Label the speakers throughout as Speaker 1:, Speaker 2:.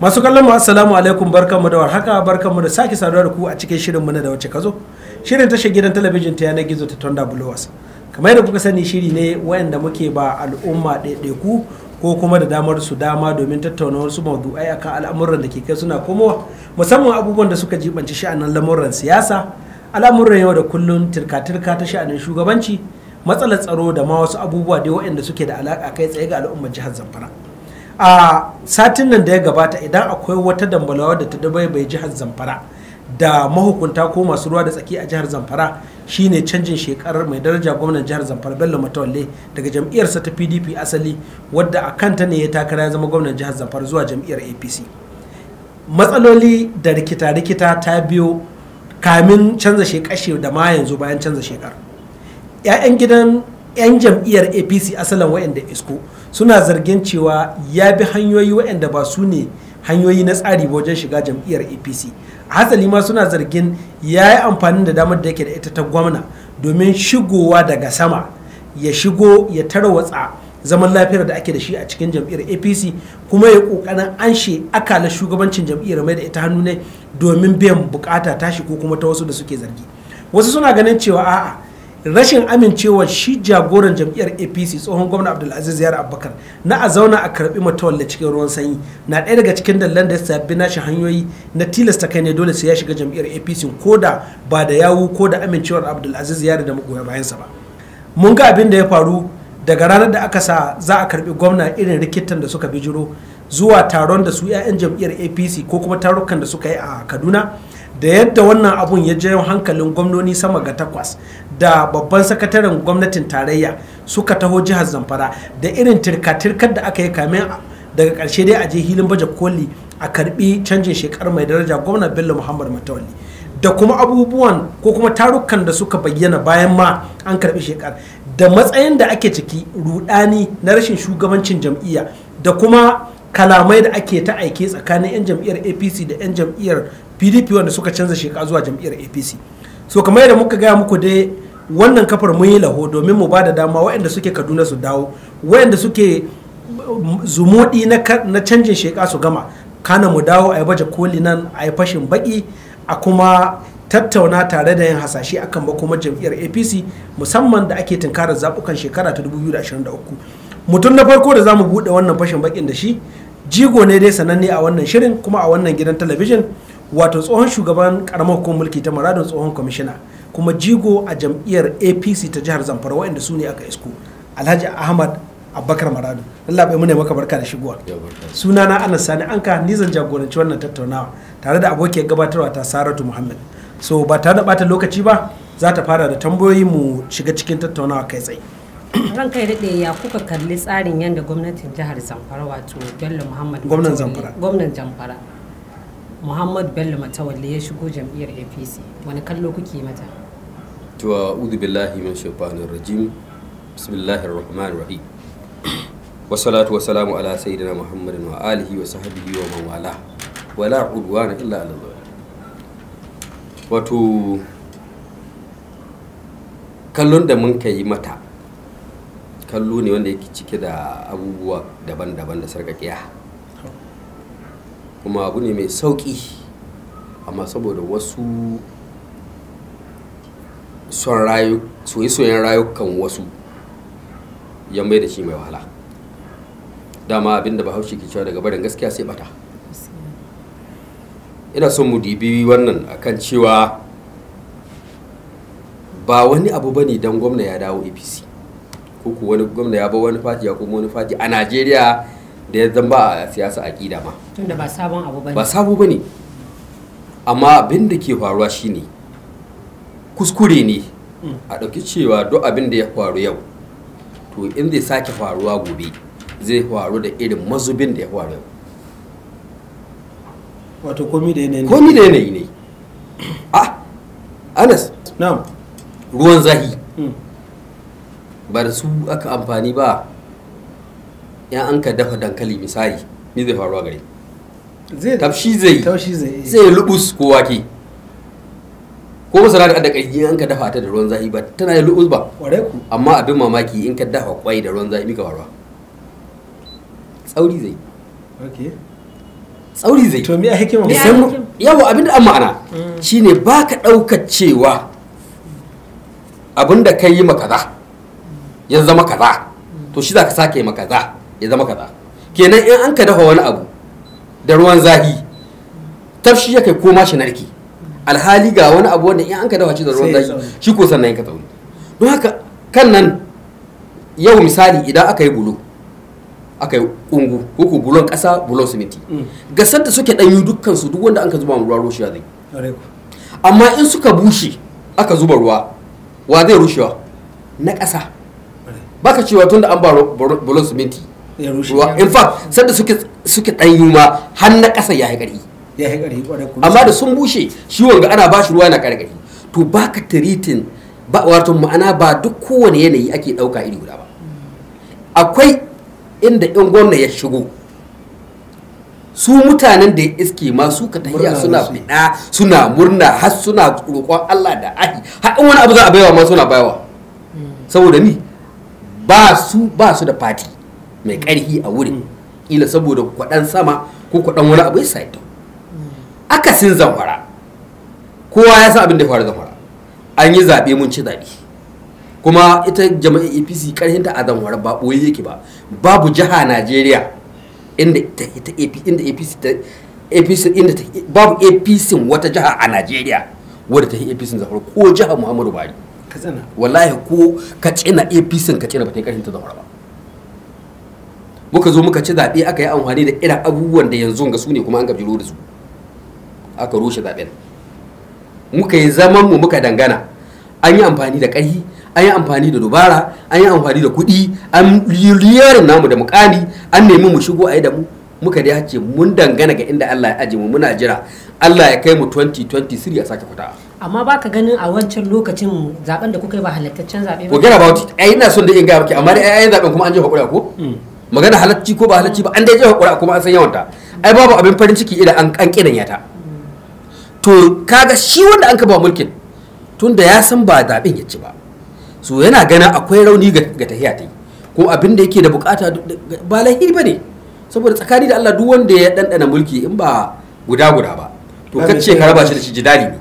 Speaker 1: masu kallon mu
Speaker 2: assalamu alaikum barkanmu da warhaka barkanmu da sake saduwa da ku a cikin shirin mu na da wacce kazo shirin tashar gidan talabijin ta yanar gizo ta tonda Blowers kamar yadda kuka sani shiri ne wayanda muke ba al'umma ɗaiɗaiku ko kuma da damar su dama domin tattauna wasu maudu'ai akan al'amuran da ke kai suna komowa musamman abubuwan da suka jibanci sha'anin lamuran siyasa al'amuran yau da kullun tirka-tirka ta sha'anin shugabanci matsalar tsaro da ma wasu abubuwa da waɗanda suke da alaka kai tsaye ga al'ummar jihar Zamfara. a satin nan da ya gabata idan akwai wata dambalawa da ta bai jihar zamfara da mahukunta ko masu ruwa da tsaki a jihar zamfara shine canjin shekarar mai daraja gwamnan jihar zamfara bello matawalle daga jam'iyyarsa ta pdp asali wadda a kanta ne ya takara ya zama gwamnan jihar zamfara zuwa jam'iyyar apc matsaloli da rikita-rikita ta biyo kamin canza shekar da ma yanzu bayan canza shekar 'ya'yan gidan 'yan jam'iyyar apc asalin wayanda isko suna zargin cewa ya bi hanyoyi wayanda ba su ne hanyoyi na tsari wajen shiga jam'iyyar apc a hasali ma suna zargin ya yi amfani da damar da yake da ita ta gwamna domin shigowa daga sama ya shigo ya tarwatsa zaman lafiyar da ake da shi a cikin jam'iyyar apc kuma ya kokarin anshe akala shugabancin jam'iyyar mai da ita hannu ne domin biyan bukata tashi ko kuma ta wasu da suke zargi wasu suna ganin cewa a'a rashin amincewa shi jagoran jam'iyyar apc tsohon gwamna abdulaziz yar abubakar na a zauna a karbi matawalle cikin ruwan sanyi na ɗaya daga cikin dallan da ya sabbi nashi hanyoyi na tilasta kai ne dole sai ya shiga jam'iyyar apc ko da ba da yawu ko da amincewar abdulaziz yar da magoya bayansa ba mun ga abin da ya faru daga ranar da aka sa za a karbi gwamna irin rikitan da suka bijiro zuwa taron da su 'ya'yan jam'iyyar apc ko kuma tarukan da suka yi a kaduna da yadda wannan abun ya jayo hankalin gwamnoni sama ga takwas da babban sakataren gwamnatin tarayya suka taho jihar zamfara da irin tirka-tirkar da aka yi kamin daga ƙarshe dai a je hilin baje koli a karbi canjin shekarar mai daraja gwamna bello muhammad matawalli da kuma abubuwan ko kuma tarukan da suka bayyana bayan ma an karbi shekar da matsayin da ake ciki rudani na rashin shugabancin jam'iyya da kuma kalamai da ake ta aike tsakanin 'yan jam'iyyar apc da 'yan jam'iyyar pdp wanda suka canza sheka zuwa jam'iyyar apc so kamar yadda muka gaya muku dai wannan kafar mun yi laho domin mu ba da dama waɗanda suke kaduna su dawo waɗanda suke zumuɗi na canjin sheka su gama kana mu dawo a yi baje koli nan a yi fashin baki a kuma tattauna tare da yin hasashe akan ba kuma jam'iyyar apc musamman da ake tunkarar zaɓukan shekara ta 2023 mutum na farko da zamu mu buɗe wannan fashin bakin da shi jigo ne dai sananne a wannan shirin kuma a wannan gidan talabijin wato tsohon shugaban karamar hukumar mulki ta maradon tsohon kwamishina kuma jigo a jam'iyyar apc ta jihar zamfara waɗanda su ne aka isko alhaji ahmad abubakar maradu Allah bai mune maka barka da shigowa sunana anas sani anka ni zan jagoranci wannan tattaunawa tare da abokiyar gabatarwa ta saratu muhammad so ba tare da bata lokaci ba za ta fara da tambayoyi mu shiga cikin tattaunawa kai tsaye
Speaker 3: ran kai daɗe ya kuka kalli tsarin yadda gwamnatin jihar zamfara wato bello muhammad gwamnan gwamnan zamfara muhammad bello matawalle ya shigo jam'iyyar apc wani kallo kuke mata
Speaker 4: to a'udhu billahi min shaitanir rajim bismillahir rahmanir rahim wa salamu ala sayyidina muhammadin wa alihi wa sahbihi wa man wala wala udwana illa ala allah wato kallon da mun kai mata kallo ne wanda yake cike da abubuwa daban-daban da sarkakiya kuma abu ne mai sauƙi amma saboda wasu soyayyen rayukan wasu ya mai da shi mai wahala dama abinda bahaushe ke cewa daga barin gaskiya sai bata ina son mu dibi wannan akan cewa ba wani abu ba ne don gwamna ya dawo apc ko wani gwamna ya ba wani fajiya ya kuma wani fajiya a najeriya da ya zamba ba a siyasa a ƙida ma
Speaker 3: tunda ba sabon abu bane ba sabo
Speaker 4: bane amma abin da ke faruwa shine kuskure ne mm. a ɗauki cewa duk abin da ya faru yau to in zai sake faruwa gobe zai faru da irin mazubin da ya faru yau wato komi da yanayi komi da yanayi ne ah anas na'am ruwan zahi mm. ba da su aka amfani ba ya an ka dafa dankali misali ni zai faruwa gare zai tafshi zai zai lubus ko wake ko masara da da kai an ka dafa ta da ruwan zafi ba tana da lubus ba amma abin mamaki in ka dafa kwai da ruwan zafi mika faruwa tsauri zai tsauri zai to me hikima yawa abin da an ma'ana mm. shine baka daukar cewa abin da kai yi maka za ya zama kaza to shi za ka sake maka za ya zama kaza kenan in an ka dafa wani abu da ruwan zahi tafshi ya kai koma shi narki alhali ga wani abu wanda in an ka dafa shi da ruwan zahi shi ko sannan ka tsauni don haka kan nan yau misali idan aka yi bulo aka yi ungu ko bulon kasa bulon siminti mm. gasar sanda suke ɗanyu dukkan su duk wanda an ka zuba ruwa rushewa zai amma in suka bushe aka zuba ruwa wa zai rushewa na kasa baka cewa tunda an ba bulon siminti ruwa in fact sanda suke suke danyu har na kasa ya yi ya haƙari amma da sun bushe shi wanga ana ba shi ruwa na ƙarƙari to baka treating ba wato ma'ana ba duk kowane yanayi ake ɗauka iri guda ba akwai inda in gwamna ya shigo su mutanen da ya iske ma su ka tahiya suna fida suna murna har suna roƙon Allah da ahi har wani abu za a baiwa ma suna baiwa hmm. saboda ni ba su ba su da fati mai ƙarfi a wurin ila saboda kwaɗan sama ko kwaɗan wani abu ya sa akasin zamfara kowa ya san abin da ya faru zamfara an yi zaɓe mun ci zaɓe kuma ita jama'a apc ta a zamfara ba ɓoye yake ba babu jiha najeriya inda ita inda apc ta apc inda ta babu apc wata jiha a najeriya wadda ta yi apc zamfara ko jiha muhammadu Bari. katsina wallahi ko cina apc ka ba ta yi ta zamfara ba muka zo muka ci zaɓe aka yi amfani da irin abubuwan da yanzu ga su ne kuma an gabjiro da su aka rushe zaɓen muka yi zaman mu muka dangana an yi amfani da ƙarfi an yi amfani da dubara an yi amfani da kuɗi an liyarin namu da mukami an nemi mu shigo a yi da mu muka dai ce mun dangana ga inda Allah ya aje mu muna jira Allah ya kai mu 2023 a sake fita
Speaker 3: amma ba ka ganin a wancan lokacin zaben da kuka yi ba halittaccen zaɓe ba ko gara ba
Speaker 4: ai ina son da in ga ke amma da ai zaben kuma an je hakura ko mm. magana halacci ko ba halacci ba an dai jefa ƙuri'a kuma an san yawanta ai babu abin farin ciki idan an an kidanya ta to kaga shi wanda an ka ba mulkin tunda ya san ba zaɓen ya ci ba so yana gana akwai rauni ga tahiya ta yi ko abin da yake da bukata ba lahi ba ne saboda tsakani da Allah duk wanda ya ɗanɗana mulki in ba guda guda ba to kacce ka raba shi da shi jidali ne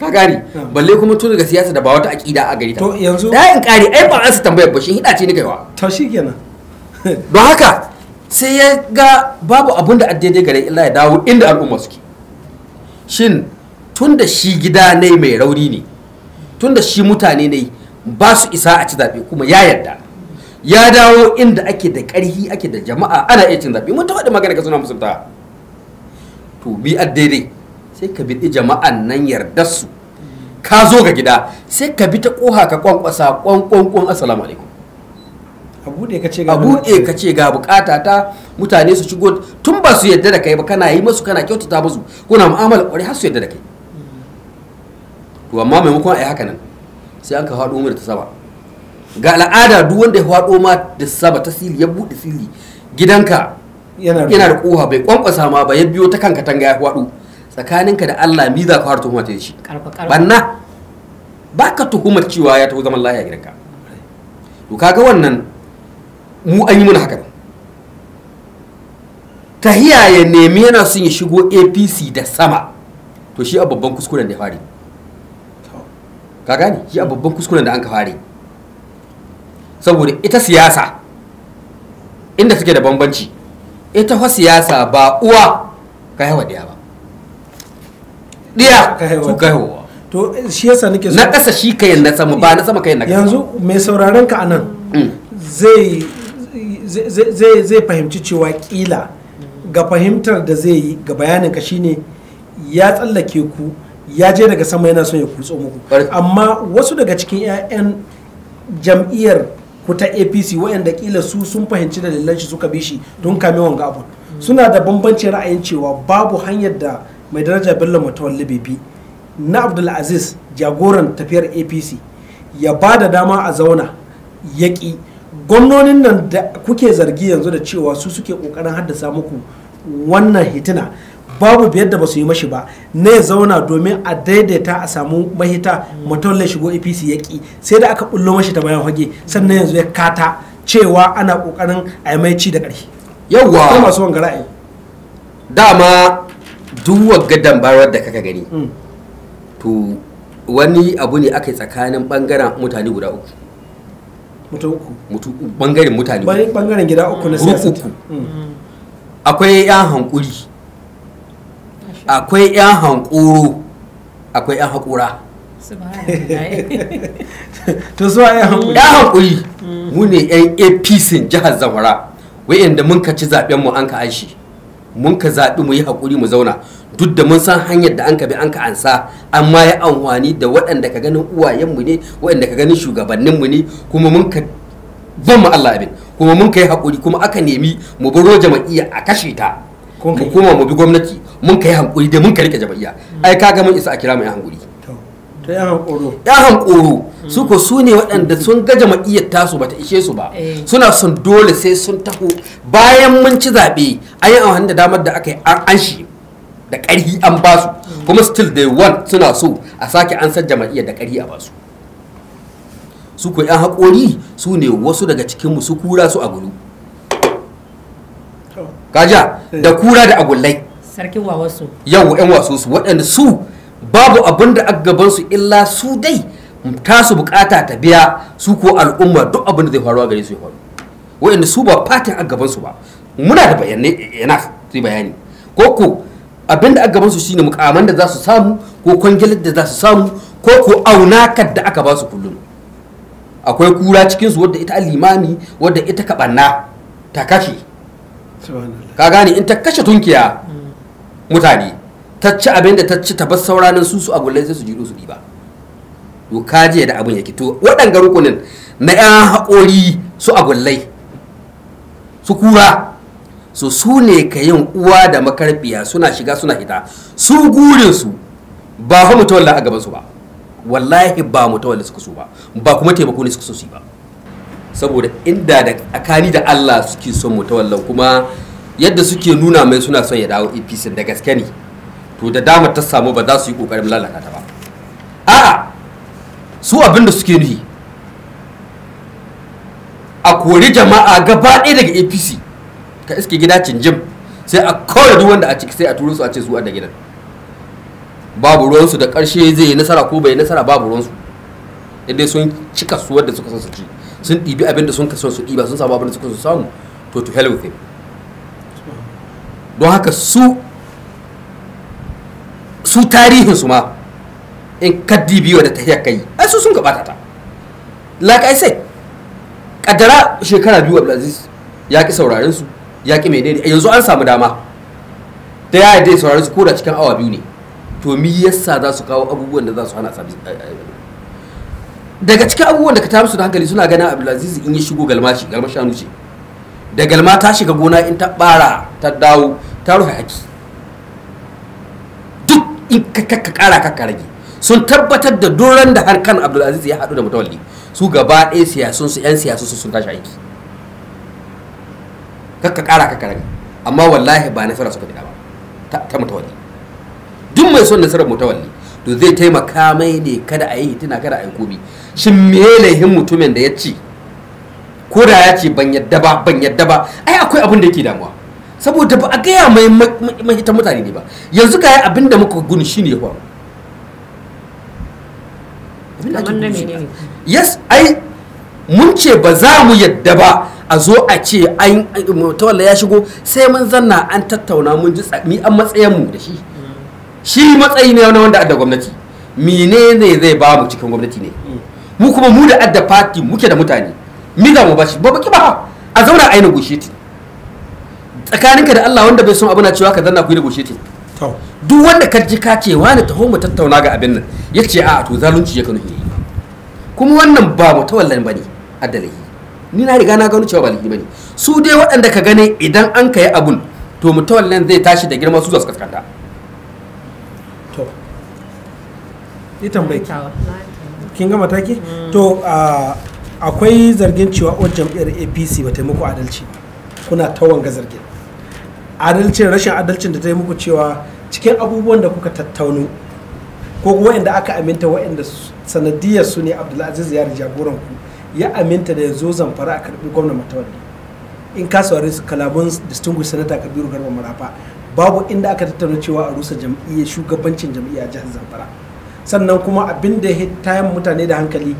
Speaker 4: ka gane balle kuma tun daga siyasa da ba wata aƙida a gari ta to yanzu da in kare ai ba an su tambayar ba shi hida ce ni kaiwa to shikenan don haka sai ya ga babu abun da ga gare illa ya dawo inda al'umma suke shin tun da shi gida ne mai rauni ne tun da shi mutane ne ba su isa a ci zaɓe kuma ya yarda ya dawo inda ake da ƙarhi ake da jama'a ana iya cin zaɓe mun ta faɗi magana ka suna musulta to bi a sai ka bi jama'an nan yardar su ka zo ga gida sai ka bi ta ƙoha ka kwankwasa kwankwankwan assalamu alaikum a buɗe ka ce ga bukata ta mutane su shigo tun ba su yadda da kai ba kana yi masu kana kyautata musu kuna mu'amala kwarai har su yadda da kai to amma maimakon a yi haka nan sai an ka haɗo mu da ta saba ga al'ada duk wanda ya haɗo ma da saba ta sili ya buɗe sili gidanka yana da ƙuwa bai kwankwasa ma ba ya biyo ta kanka tanga ya haɗo tsakaninka da Allah mi za ka haɗo tuhuma ta shi banna ba ka tuhumar cewa ya taho zaman lahiya gidanka to kaga wannan mu an yi mana haka tahiya ya nemi yana son ya shigo apc da sama to shi a babban kuskuren da ya fare ka gane shi a babban kuskuren da an ka fare saboda ita siyasa inda suke da bambanci ita fa siyasa ba uwa ka yawa daya ba ɗaya su ka yawa to shi yasa nake so na kasa shi kayan na
Speaker 2: sama ba na sama kayan na yanzu mai sauraron ka anan mm. zai zai fahimci cewa kila ga fahimtar da zai yi ga bayanin ka shine ya tsallake ku ya je daga sama yana son ya kutso muku amma wasu daga cikin 'ya'yan jam'iyyar ku ta apc waɗanda kila su sun fahimci dalilan shi suka bi shi don kame wanga abu suna da bambancin ra'ayin cewa babu hanyar da mai daraja bello mutawalli bi na abdulaziz jagoran tafiyar apc ya ba da dama a zauna yaƙi gwamnonin nan da kuke zargi yanzu da cewa su suke kokarin haddasa muku wannan hitina babu biyar da ba su yi mashi ba ne zauna domin a daidaita a samu mahita mutum lai shigo apc ya ki sai da aka bullo mashi ta bayan hage sannan yanzu ya kata cewa ana kokarin a
Speaker 4: yi mai ci da ƙarfi yawwa ko masu wanga ra'ayi dama duk wagga dambarar da kaka gani mm. to wani abu ne aka yi tsakanin bangaren mutane guda uku mutu uku mutu uku bangaren mutane bangaren gida uku na siyasa mm. akwai yan hankuri akwai yan hankoro akwai yan hakura to zuwa yan hankuri yan hankuri mm. mu ne yan apc jihar zamfara wayanda mun ka ci zaben mu an ka aishi mun ka zaɓi mu yi hakuri mu zauna duk da mun san hanyar da an ka bi an ka ansa an ma yi amfani da waɗanda ka ganin uwayenmu ne waɗanda ka ganin shugabanninmu ne kuma mun ka ban mu Allah abin kuma mun ka yi hakuri kuma aka nemi mu buro jama'iyya a kashe ta mu mu bi gwamnati mun ka yi haƙuri da mun ka rike jama'iyya hmm. ai ga mun isa a kira mu yan haƙuri.
Speaker 2: to yan hankoro yan hankoro
Speaker 4: hmm. su ko su ne waɗanda sun ga jama'iyyar tasu bata ishe su ba eh. suna son dole sai sun taho bayan mun ci zaɓe an yi amfani da damar da aka yi an shi da ƙarhi an ba su kuma still they want suna so a sake an san jama'iyyar da ƙarhi a ba su su ko yan haƙori su ne wasu daga cikinmu su kura su a gulu kaja da eh. kura da agullai
Speaker 3: sarkin wa wasu yawo
Speaker 4: yan wasu su waɗanda su babu abin da a gaban su illa su dai tasu bukata ta biya su ko al'umma duk abin da zai faruwa gare su ya faru waɗanda su ba fatin a gaban su ba muna da bayanai yana bayani ko ko abinda aka gabansu shine mukaman da za su samu ko kwangilar da za su samu ko ko aunakar da aka ba su kullum akwai kura cikinsu wadda ita limani wadda ita kaɓanna ta kashe ka gane in ta kashe tunkiya mutane ta ci abin da ta ci ta bar sauranin su su a gullai sai su jiro su ba to ka je da abin yake to waɗanga rukunin na 'yan haƙori su a gullai su kura so su ne ka yin uwa da makarfiya suna shiga suna hita su gurinsu ba fa mutawalla a gabansu ba wallahi ba mutawalla suka so ba ba kuma taimako ne suka so su ba saboda inda da akani da Allah suke son mutawalla kuma yadda suke nuna mai suna son ya dawo APC da gaske ne to da dama ta samu ba za su yi kokarin lalata ta ba a'a su abin da suke nuhi a kori jama'a gaba ɗaya daga APC ta iske gida cinjim sai a kawai duk wanda a ciki sai a turo su a ce su da gidan babu ruwansu da karshe zai yi nasara ko bai nasara babu ruwansu idan sun cika su wadda suka son su ci sun dibi abin da sun kaso su diba sun samu abin da suka so samu to to hell with him don haka su su tarihin su ma in ka dibi biyu da tahiyar kai ai su sun gabata ta like i said kaddara shekara biyu abdulaziz ya ki sauraren su ya ki mai daidai yanzu an samu dama ta ya dai saurari su koda cikin awa biyu ne to mi yasa za su kawo abubuwan da za su hana sabis eh, eh, eh. daga cikin abubuwan da ka tafi su da hankali suna ganin abdulaziz in ya shigo galma shi galma shanu ce da galma ta shiga gona in ta bara ta dawo ta rufe haki duk in ka kara ka rage sun tabbatar da doron da harkan abdulaziz ya haɗu da mutawalli su gaba ɗaya siyasun su 'yan siyasun sun tashi aiki kakka kara ka karami amma wallahi ba nasara suka fi ba ta mutawalli duk mai son nasarar mutawalli to zai taimaka mai ne kada a yi hitina kada a yi komi shin me laihin mutumin da ya ce ko da ya ce ban yadda ba ban yadda ba ai akwai abin da yake damuwa saboda ba a gaya mai mahitan mutane ne ba yanzu yi abin da muka guni shine
Speaker 3: ne
Speaker 4: yes ai mun ce ba za mu yadda ba a zo a ce an mutawalla ya shigo sai mun zanna an tattauna mun ji ni an matsayin mu da shi shi matsayi ne na wanda adda gwamnati mine ne zai ba mu cikin gwamnati ne mu kuma mu da adda fati muke da mutane mi za mu bashi ba baki ba a zauna a yi tsakanin tsakaninka da Allah wanda bai son abu na cewa ka zanna ku yi negotiating duk wanda ka ji ka ce wani taho mu tattauna ga abin nan ya ce a to zalunci ya kanu kuma wannan ba mu tawallan bane adalai ni na riga na gano cewa ba laifi bane su dai waɗanda ka gane idan an kai abun to nan zai tashi da girma su za su kaskanta
Speaker 2: to yi tambayi kin ga mataki to akwai zargin cewa o jam'iyyar apc ba ta muku adalci kuna tawanga zargin adalcin rashin adalcin da ta yi muku cewa cikin abubuwan da kuka tattauno ko waɗanda aka aminta waɗanda sanadiyar su ne abdulaziz ya jagoran ku ya aminta da ya zo zamfara a karbi gwamnan matawalli in ka saurari su kalamun distinguished senator kabiru garba marafa babu inda aka tattauna cewa a rusa jam'iyyar shugabancin jam'iyyar jihar zamfara sannan kuma abin da ya tayan mutane da hankali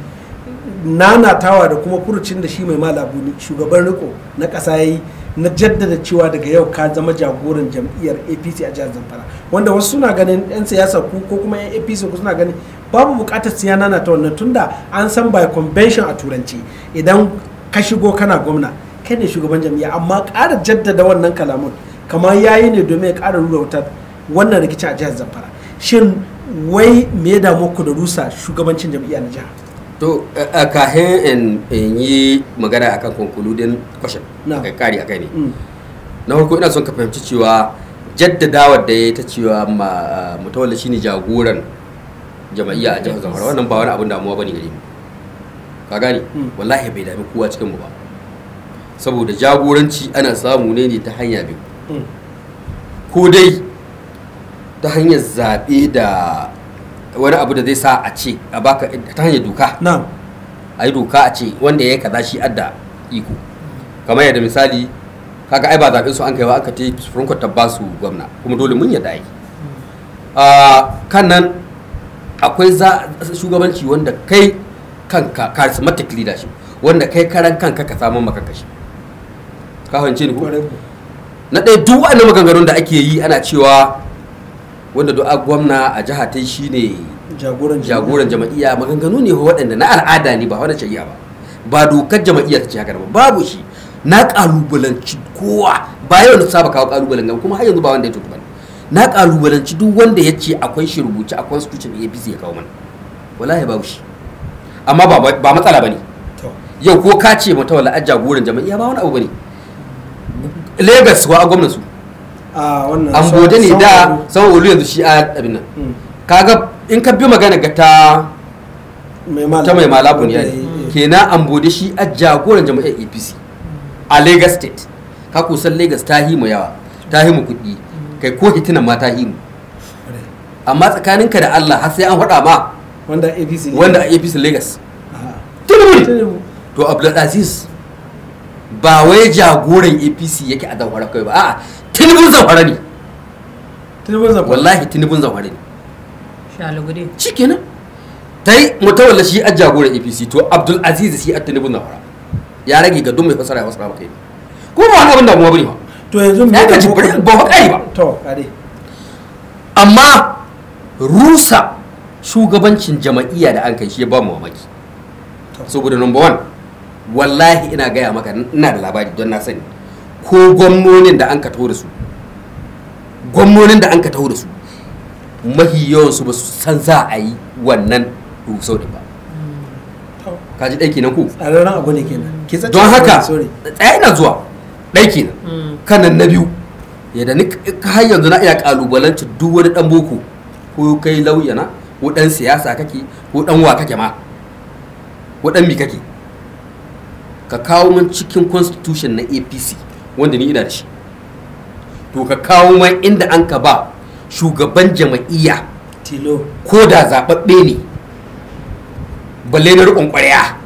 Speaker 2: nanatawa da kuma furucin da shi mai malabu shugaban riko na ƙasa ya yi na jaddada cewa daga yau ka zama jagoran jam'iyyar apc a jihar zamfara wanda wasu suna ganin 'yan siyasa ku ko kuma 'yan apc suna ganin babu bukatar siya nana ta wannan tunda an san by convention a turanci idan ka shigo kana gwamna kai ne shugaban jami'a amma kara jaddada wannan kalamun kamar yayi ne domin ya ƙara rura wutar wannan rikici a jihar zamfara shin wai me damu ku da rusa shugabancin jam'iyya na jihar
Speaker 4: to kahin in yi magana akan concluding question kai kari akai ne mm. na farko ina son ka fahimci cewa jaddadawa da ya ta cewa mutawalla shine jagoran jama'iyya a jihar zamfara wannan ba wani abin damuwa bane gare mu ka gane hmm. wallahi bai dami kowa cikin mu ba saboda jagoranci ana samu ne ne ta hanya biyu hmm. ko dai ta hanyar zaɓe da wani abu da zai sa a ce a baka ta hanyar doka a yi doka a ce wanda ya yi kaza shi adda iko kamar yadda misali kaga ai ba zaɓen su an kai ba aka ta yi supreme court ta ba su gwamna kuma dole mun yadda yi hmm. ah, kan nan akwai za shugabanci wanda kai kanka charismatic leadership wanda kai karan kanka ka samu makakashi ka fahimce ni na ɗaya duk wani maganganun da ake yi ana cewa wanda du'a gwamna a jihatai ta shi ne jagoran jama'iyya maganganu ne waɗanda na al'ada ne ba wani shari'a ba ba dokar jama'iyya ta ce haka ba babu shi na kalubalanci kowa ba yau na saba kawo kalubalan gaba kuma har yanzu ba wanda ya tuku na kalubalanci duk wanda ya ce akwai shi rubuce a constitution apc ya kawo mana wallahi babu shi amma ba matsala ba ne yau ko ka ce mata wala ajja gurin jama'a ba wani abu ba ne lagos wa gwamnan su
Speaker 2: an bode ne da
Speaker 4: sama olu yanzu shi a abin nan hmm. kaga in ka bi magana ga ta ta mai malabun ya ne kenan an bode shi a jagoran a apc a lagos state ka kusan lagos ta himu yawa ta himu kuɗi kai ko hitinan mata himu amma tsakaninka da Allah har sai an faɗa ma wanda APC wanda APC Lagos tinubu to Abdulaziz ba wai jagoran APC yake a zamfara kai ba a'a tinubun zamfara ne tinubun zamfara wallahi tinubun zamfara ne
Speaker 3: shalugude shikenan
Speaker 4: tai mutawalla shi a jagoran APC to Abdulaziz shi a tinubun zamfara ya rage ga duk mai fasara ya fasara maka ko ba wani abin damuwa bane ba to yanzu mu ga ba ba ka kai ba to kare amma rusa shugabancin jama'iyya da an kai shi ba mu mamaki saboda number one wallahi ina gaya maka ina da labari don na sani ko gwamnonin da an ka taho da su gwamnonin da an ka taho da su mahi yawansu ba su san za a yi wannan rusau da ba hmm. kaji ɗaki na ku don haka tsaye na zuwa ɗai kenan kanan na biyu yadda ni har yanzu na iya kalubalanci duk wani dan boko ko kai lauyana ko dan siyasa kake ko dan wa kake ma ko dan mi kake ka kawo min cikin constitution na APC wanda ni ina da shi to ka kawo min inda an ka ba shugaban jama'iyya tilo ko da zababbe ne balle na rukun ƙwarya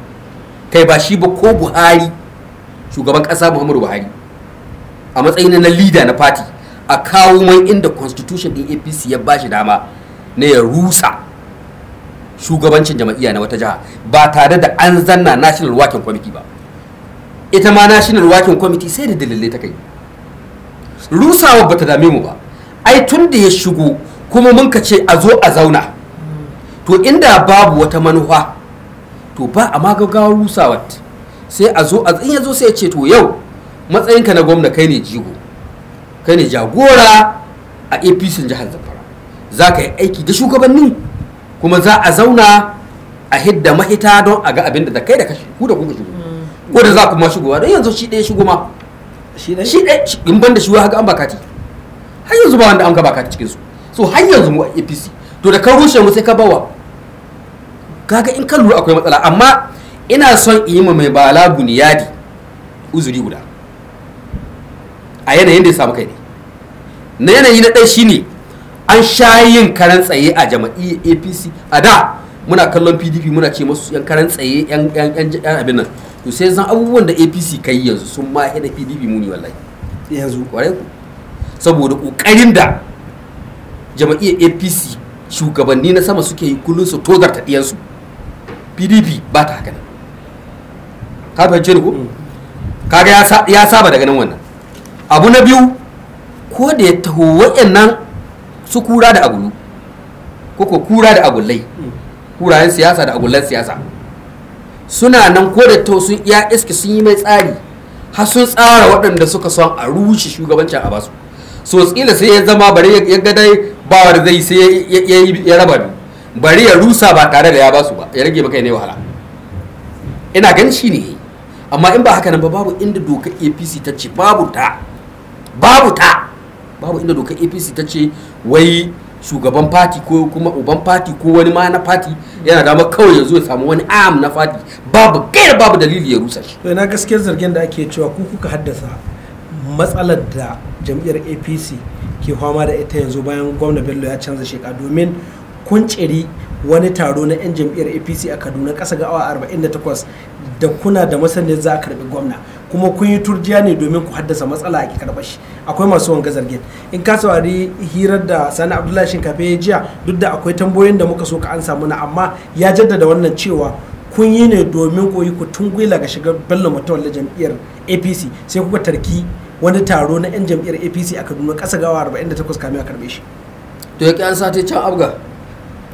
Speaker 4: kai ba shi ba ko Buhari shugaban ƙasa Muhammadu Buhari a matsayin na leader na party a kawo mai inda constitution din apc ya ba shi dama na ya rusa shugabancin jama'iyya na wata jiha ba tare da an zanna national working committee ba ita ma national working committee sai da dalilai ta kai rusawa bata dame mu ba ai tun da ya shigo kuma mun ka ce a zo a zauna to inda babu wata manufa to ba a ma gaggawar sai a zo a zo sai ya ce to yau matsayinka na gwamna kai ne jigo kai ne jagora a apc jihar zamfara za ka yi aiki da shugabanni kuma za a zauna a hidda mahita don a ga abin da kai da kashi ku da kuka shigo mm. ko da za ku ma shigowa don yanzu shi ɗaya shigo ma shi ɗaya in ban da shi haka an bakati har yanzu ba wanda an ga bakati cikin su so har yanzu mu a apc to da ka rushe mu sai ka bawa kaga in ka lura akwai matsala amma ina son in yi ma mai balagun buniyadi uzuri guda a yanayin da ya samu kai na yanayi na ɗaya shine an sha yin karan tsaye a jama'iyyar apc a da muna kallon pdp muna ce masu yan karan tsaye yan abin nan to sai zan abubuwan da apc kai yanzu sun ma yana pdp muni wallahi yanzu kwarai ku saboda kokarin da jama'iyyar apc shugabanni na sama suke yi kullum su togar ta pdp ba ta haka nan ka fahimce ko mm. kaga ya saba daga nan wannan abu na biyu ko da ya taho nan su kura da agulu ko ko kura da agullai hmm. kurayen siyasa da agullan siyasa suna nan ko da taho sun iya iske sun yi mai tsari har sun tsara waɗanda suka son a rushe shugabancin a basu so tsila sai ya zama bari ya ga dai bawar zai sai ya raba biyu bari ya rusa ba tare da ya basu ba ya rage maka ne wahala ina gan shi ne amma in ba haka nan ba babu inda doka apc ta ce babu ta babu ta babu inda dokar apc ta ce wai shugaban fati ko kuma uban fati ko wani ma na fati yana dama kawai yanzu ya samu wani am na fati babu gaira babu dalili ya rusa shi
Speaker 2: ina gaskiyar zargin da ake cewa ku kuka haddasa matsalar da jam'iyyar apc ke fama da ita yanzu bayan gwamna bello ya canza sheka domin kun wani taro na 'yan jam'iyyar apc a kaduna kasa ga awa 48 da kuna da masaniyar za a karbi gwamna kuma kun yi turjiya ne domin ku haddasa matsala a karɓar shi akwai masu wanga zargin in ka saurari hirar da sani abdullahi shinkafe ya jiya duk da akwai tambayoyin da muka so ka an samu na amma ya jaddada wannan cewa kun yi ne domin koyi ku tungwila ga shigar bello mutawalla jam'iyyar apc sai kuka tarki wani taro na 'yan jam'iyyar apc a kaduna kasa gawa 48 kamin a karbe shi to ya ƙi an sati
Speaker 4: can abga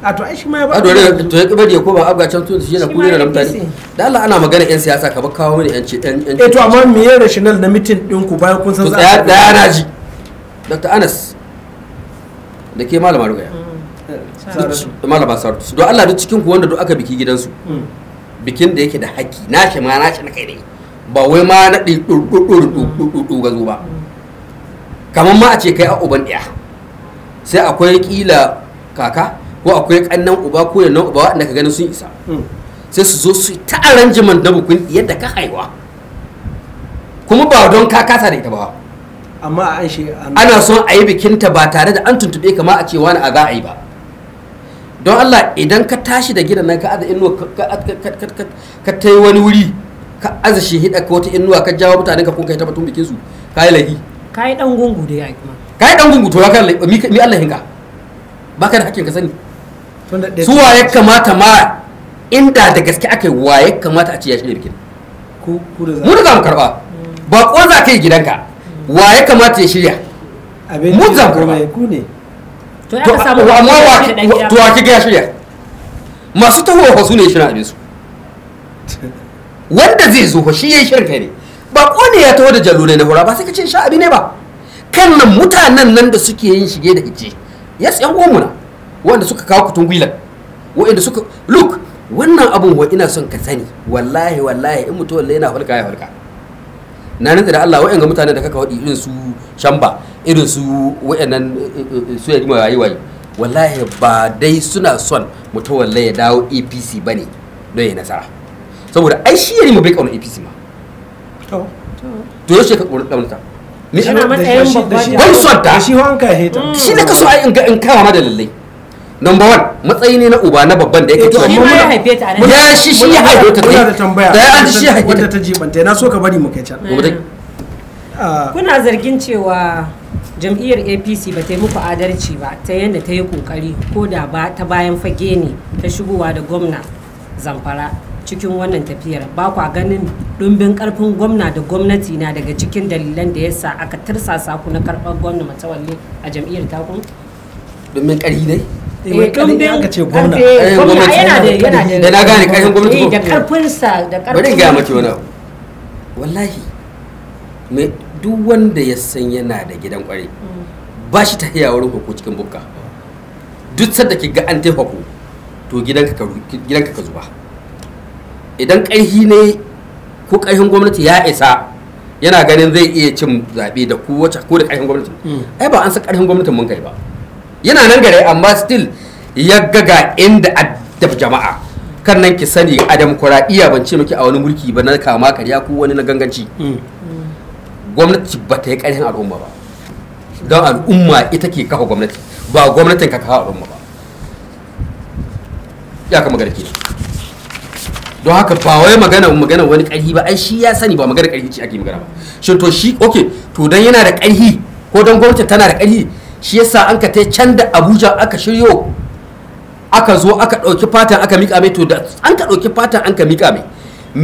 Speaker 4: a to ai shi ma ya ba to ya kibar ya koma abga can tun shi yana kure da mutane da Allah ana magana yan siyasa ka ba kawo mini yan ce eh to amma me ya rational na mitin din ku bayan kun san za a da yana ji Dr. Anas da ke malama rugaya hmm. malama saru don Allah duk cikin ku wanda duk aka biki gidansu hmm. bikin da yake da haƙƙi na shi ma na shi na kai ne ba wai ma na ɗi ɗurɗurɗurɗurɗu gazo ba kamar ma a ce kai a uban ɗaya sai akwai ƙila kaka ko akwai kannan uba ko nan uba waɗanda ka gani sun isa hmm. sai su zo su ta arrangement da bukun yadda ka haiwa kuma ba don ka kasa da ita ba amma an shi ana son a yi bikinta ba tare da an tuntube kama a cewa wani a za a yi ba don Allah idan ka tashi da gidan nan ka aza inuwa ka ta yi wani wuri ka aza shi hida ka wata inuwa ka jawo mutane ka kun kai ta batun bikin su ka yi lahi
Speaker 3: ka yi dan gungu da ya kuma
Speaker 4: ka yi dan gungu to ya kai mi Allah hinka baka da hakkin ka sani
Speaker 3: su wa ya kamata ma
Speaker 4: inda da gaske aka yi wa ya kamata a ce ya shirya bikin mu da za mu karba ba ko za ka yi gidanka wa ya kamata ya shirya mu za mu karba to
Speaker 1: amma wa to wa
Speaker 4: ya shirya masu tahowa su ne shirin su. wanda zai zo shi ya yi shirin kai ne ba ne ya taho da jalulai na hura ba sai ka ce sha abi ne ba kan nan mutanen nan da suke yin shige da ice yes yan uwanmu na wanda suka kawo kutun gwilan wa'anda suka look wannan abun wa ina son ka sani wallahi wallahi in mutum wallahi yana hulka ya hulka na nan da Allah wa'anga mutane da kaka wadi irin su shamba irin su wa'annan eh, eh, su ya jima yayi wallahi ba dai suna son mutum wallahi ya dawo APC bane don ya nasara saboda ai shi ya mu bai kauna APC ma to to yaushe ka ta ni ina ba babba ban shi ta shi wanka ta shi ne ka so ai in kama da lallai number one matsayi ne na uba na babban da ya kake mu ya haife ta ne eh, ya shi shi ya haife ta ne
Speaker 3: da tambaya da ya shi haife wanda ta jibanta na so ka bari mu kai can eh. ah. kuna zargin cewa jam'iyyar apc ba ta yi muku adalci ba ta yadda ta yi kokari ko da ba ta bayan fage ne ta shigowa da gwamna zamfara cikin wannan tafiyar ba kwa ganin dumbin karfin gwamna da gwamnati na daga cikin dalilan da yasa aka tirsasa ku na karɓar gwamna matawalle a jam'iyyar taku
Speaker 4: dumbin ƙarfi dai
Speaker 3: mai eh, karfin aka ce gwamna eh, gwamna yana da yana da eh, na gane karfin gwamnati da karfin sa da karfin bari ga mace wani wallahi duk
Speaker 4: wanda ya san yana da gidan kwari mm. ba shi ta iya wurin hukku cikin bukka duk sadda ki ga an ta hukku to gidanka ka ka zuba idan karfi ne ko karfin gwamnati ya isa yana ganin zai iya cin zaɓe da ku wacce ko da ƙarfin gwamnati mm. ai ba an san ƙarfin gwamnati mun kai ba yana nan gare amma still ya gaga inda addab jama'a kan nan ki sani a demokuraɗiyya ban ce miki a wani mulki ba na kama karya ko wani na ganganci
Speaker 1: mm.
Speaker 4: gwamnati ba ta yi ƙarfin al'umma ba don al'umma ita ke kafa gwamnati ba gwamnatin ka kafa al'umma ba ya kama magana kenan don haka ba wai magana magana wani ƙarfi ba ai shi ya sani ba magana ƙarfi ce ake magana ba shi to shi okay to dan yana da ƙarfi ko dan gwamnati tana da ƙarfi shi yasa an ka tai can da abuja aka shiryo aka zo aka ɗauki fatan aka miƙa mai to da an ka ɗauki fatan an ka miƙa mai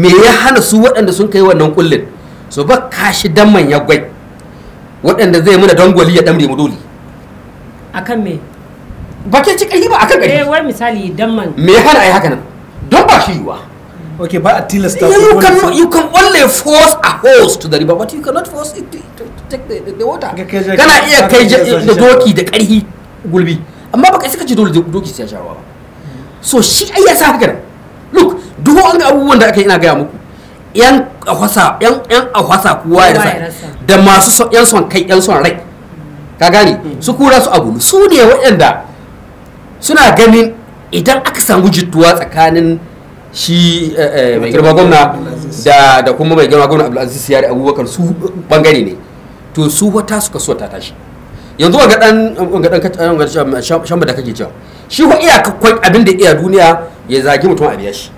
Speaker 4: me ya hana su waɗanda sun kai wannan kullin su ba kashi dan man ya gwai waɗanda zai muna dangwali ya ɗamre mu doli.
Speaker 3: akan me ba ke ci ƙarfi ba akan ƙarfi eh wai misali dan man me ya hana ai haka nan don ba shi yiwa
Speaker 4: okay ba a tilasta you can you can only force a horse to the river but you cannot force it to, to to take the, the the water kana iya kai da doki da karhi gulbi amma baka isa kace dole doki sai ya ba so shi ai ya sa haka look duk wani abubuwan da aka yi ina gaya muku yan ahwasa yan yan ahwasa kuwa ya rasa da masu yan son kai yan son rai ka gane hmm. su kura su abu su ne waɗanda suna ganin idan aka samu jituwa tsakanin shi eh, eh, mai girma gwamna da kuma mai girma gwamna abdulaziz yari abubakar su bangare ne to su wata suka so ta tashi yanzu ga dan ga shamba da kake cewa shi ko iya kakkwai abin da iya duniya ya zagi mutum a biya shi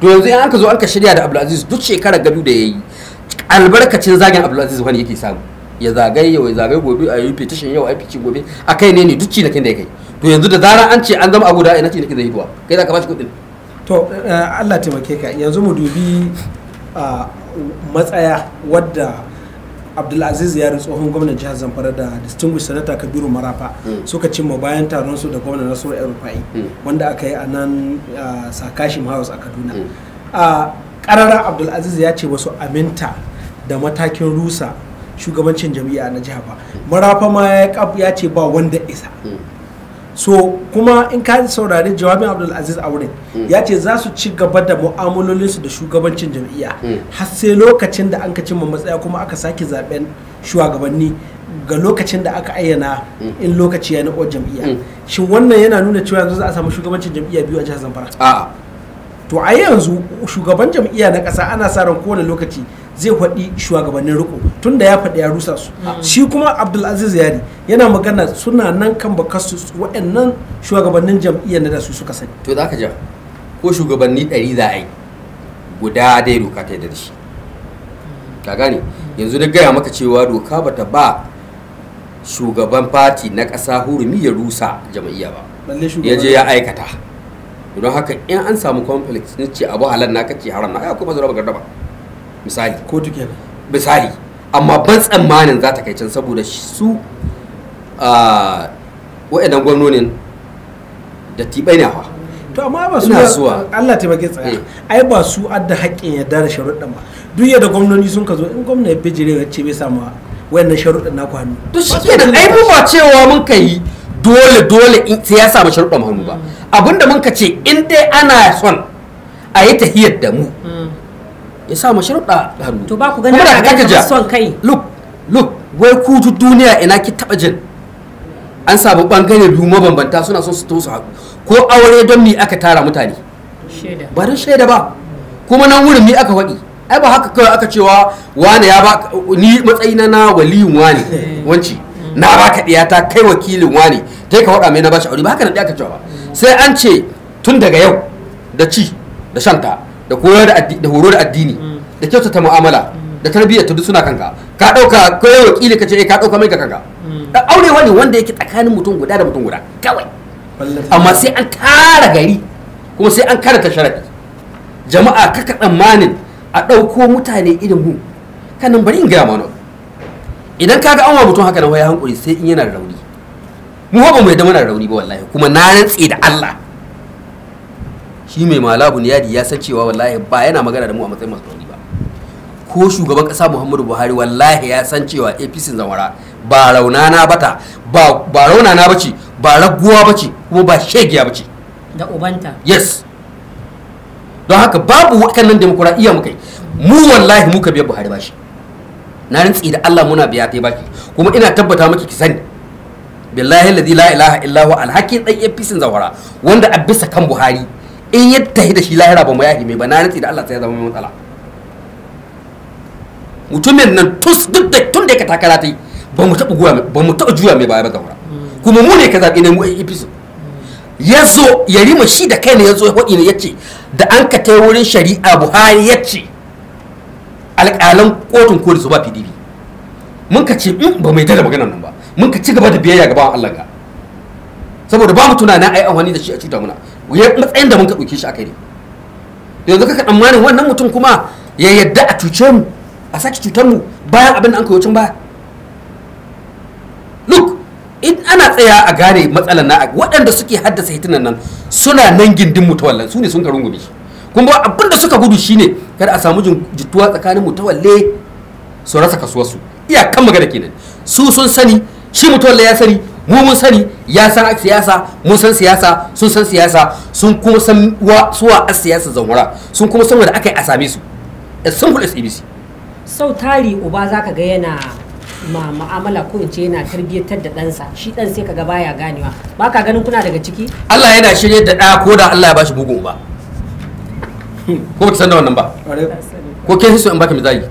Speaker 4: to yanzu in aka zo aka shirya da abdulaziz duk shekara gadu da yayi albarkacin zagin abdulaziz wani yake samu ya zagaye yau ya zagaye gobe a yi petition yau a yi gobe a kai ne ne duk cinakin da ya kai to yanzu da zarar an ce an zama abu da ina cinakin zai yi duwa kai za ka ba shi kuɗin to eh, allah taimake ka yanzu
Speaker 2: mu dubi matsaya wadda abdulaziz ya tsohon gwamnan jihar zamfara da distinguished senator kabiru marafa hmm. suka cimma bayan taron su da gwamnan nasiru el-rufai hmm. wanda aka yi a nan sakashim house a kaduna karara hmm. abdulaziz ya ce wasu aminta da matakin rusa shugabancin jami'a na jihar ba marafa ma ya ce ba wanda isa so kuma in ka saurari jawabin abdulaziz a wurin mm. ya ce za su ci gaba da mu'amalolinsu da shugabancin jam'iyya mm. har sai lokacin da an ka cimma matsaya kuma aka sake zaben shugabanni ga lokacin da aka ayyana mm. in lokaci ya na'uwar jam'iyya shin wannan yana nuna cewa yanzu za a samu shugabancin jam'iyya biyu a jihar zamfara to a yanzu shugaban jam'iyya na kasa ana sa ran kowane lokaci zai faɗi shugabannin riko tun da ya faɗi ya rusa su mm. shi kuma abdulaziz yari yana magana suna nan kan bakarsu waɗannan
Speaker 4: shugabannin jam'iyyar da su suka sani to za ka ja ko shugabanni ɗari za a yi guda dai doka ta yadda da shi ka gane mm. yanzu da gaya maka cewa doka ba ta ba shugaban fati na ƙasa hurumi ya rusa jam'iyya ba ya je ya aikata don haka in an samu conflict ce abu halal na kake haram na ya kuma zura ba misali ko tuke misali amma ban tsammanin za ta kai can saboda su waɗannan gwamnonin da tibai ne hawa
Speaker 2: to amma ba su zuwa
Speaker 4: Allah ta bage tsaya eh. ai ba su
Speaker 2: adda haƙƙin ya da sharuɗin ba duk yadda gwamnoni sun ka zo in gwamna ya bijire ya ce bai samu wayannan
Speaker 4: sharuɗin na hannu to da ai mu ba cewa mun kai dole dole sai ya samu sharuɗin hannu ba hmm. abinda mun ka ce in dai ana son a yi tahiyar da mu hmm. ya sa mashruɗa
Speaker 3: to ba ku gani a ga
Speaker 4: son kai look look wai ku duk duniya ina ki taba jin an samu bangare biyu mabambanta suna son su to haɗu ko aure don mi aka tara mutane ba don shaida ba kuma nan wurin mi aka faɗi ai ba haka kawai aka cewa wane ya ba ni matsayi na waliyin wane wanci na baka diyata kai wakilin wane kai ka faɗa mai na bashi aure ba haka nan aka cewa ba sai an ce tun daga yau da ci da shanta da koyar da horo da addini mm. da kyautata mu'amala da tarbiyyar ta duk suna kanka ka dauka koyar wakili ka ce eh, ka dauka mai ka kanka mm. da aure wani wanda yake tsakanin mutum guda da mutum guda kawai amma sai an kara gari kuma sai an kara sharadi jama'a kaka tsammanin a dauko mutane irin mu kanin bari in gaya mana idan ka ga an wa mutum haka nan waya hankuri sai in yana rauni mu ba mu yadda muna rauni ba wallahi kuma na rantse da Allah shi mai mala niyadi ya san cewa wallahi ba yana magana da mu a matsayin masu ba ko shugaban kasa muhammadu buhari wallahi ya san cewa apc zamara ba raunana bata ba ba raunana bace ba raguwa bace kuma ba shegiya bace da ubanta yes don haka babu wakannan demokuraɗiyya muka yi mu wallahi muka biya buhari ba shi na rantsi da allah muna biya ta baki kuma ina tabbata maki ki sani billahi la ilaha illahu alhakin dan apc zawara wanda a bisa kan buhari in ya tahi da shi lahira ba mu yahi mai ba na nutsi da Allah sai ya zama matsala mutumin nan tus duk da tun da ka takara ta yi ba mu taɓa juya ba mu taɓa juya mai baya ba daura kuma mu ne ka zaɓi ne mu ai ifisu ya zo ya rima shi da kai ne ya zo ya faɗi ne ya ce da an ka tai wurin shari'a buhari ya ce alƙalan kotun kori su ba pdp mun ka ce mm, ba mai tada maganar nan ba mun ka ci gaba da biyayya gaban allah ka saboda ba mu tunanin ai amfani da shi a cuta muna ya matsayin da mun ka ɗauke shi akai ne yanzu kaka tsammanin wannan mutum kuma ya yadda a cuce mu a saki cutar mu bayan abin da an kawocin ba look in ana tsaya a gane matsalar na waɗanda suke haddasa hitunan nan suna nan gindin mutawallan su ne sun karungu ne kuma abin da suka gudu shine kada a samu jituwa tsakanin tawalle su rasa kasuwarsu kan magana kenan su sun sani shi mutawalle ya sani mu mun sani ya san siyasa mun san siyasa sun san siyasa sun kuma san suwa a siyasa zamora sun kuma san wanda aka yi a same su as simple as abc
Speaker 3: sau tari uba zaka ga yana ma ma'amala ko in ce yana tarbiyyatar da ɗansa shi ɗan sai kaga baya ganewa ba ka ganin kuna daga ciki
Speaker 4: Allah yana shirye da ɗaya ko da Allah ya bashi bugun ba ko ta san da wannan ba ko kin so in baka misali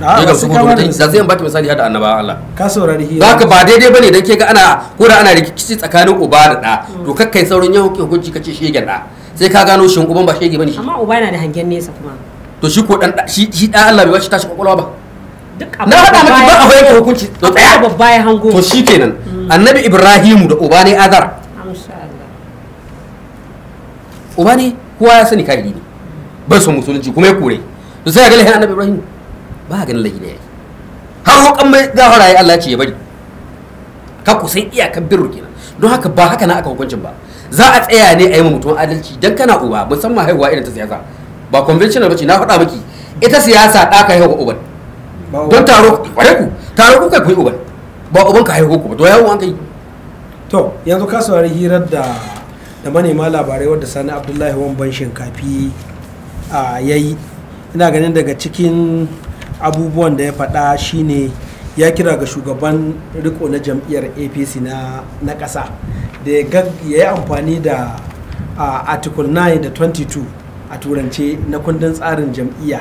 Speaker 2: daga su gudu
Speaker 4: da zai baki misali da annaba Allah
Speaker 2: ka saurari hira zaka ba daidai bane dan ke
Speaker 4: ga ana ko da ana rikici tsakanin uba da da to kakkai sauran yan hukunci kace shegen da sai ka gano shin uban ba shege bane amma uba yana da hangen nesa kuma to shi ko dan shi shi dan Allah bai wace tashi kwakwalwa ba na faɗa miki ba a yanke hukunci to tsaya babba ya hango to shikenan mm. annabi ibrahim da uba ne Azar uba ne kowa ya sani kahiri ne bai son musulunci kuma ya kore to sai ga lahin annabi Ibrahim ba ganin lahi ne har hukan mai gafara ya Allah ce ya bari ka ku san iyakan birru kenan don haka ba haka na aka hukuncin ba za a tsaya ne a yi mutum adalci dan kana uba musamman haihuwa irin ta siyasa ba conventional bace na faɗa miki ita siyasa ɗa ka haihuwa uban don taro kwarai ku taro ku kai ku yi uban ba uban ka haihuwa ku ba to ya uwan kai to yanzu ka saurari hirar da
Speaker 2: da manema labarai wadda sani abdullahi wan ban shinkafi a yayi ina ganin daga cikin abubuwan da ya faɗa shine ya kira ga shugaban riko na jam'iyyar apc na ƙasa da ya yi amfani da article 9 da 22 a turance na kundin tsarin jam'iyya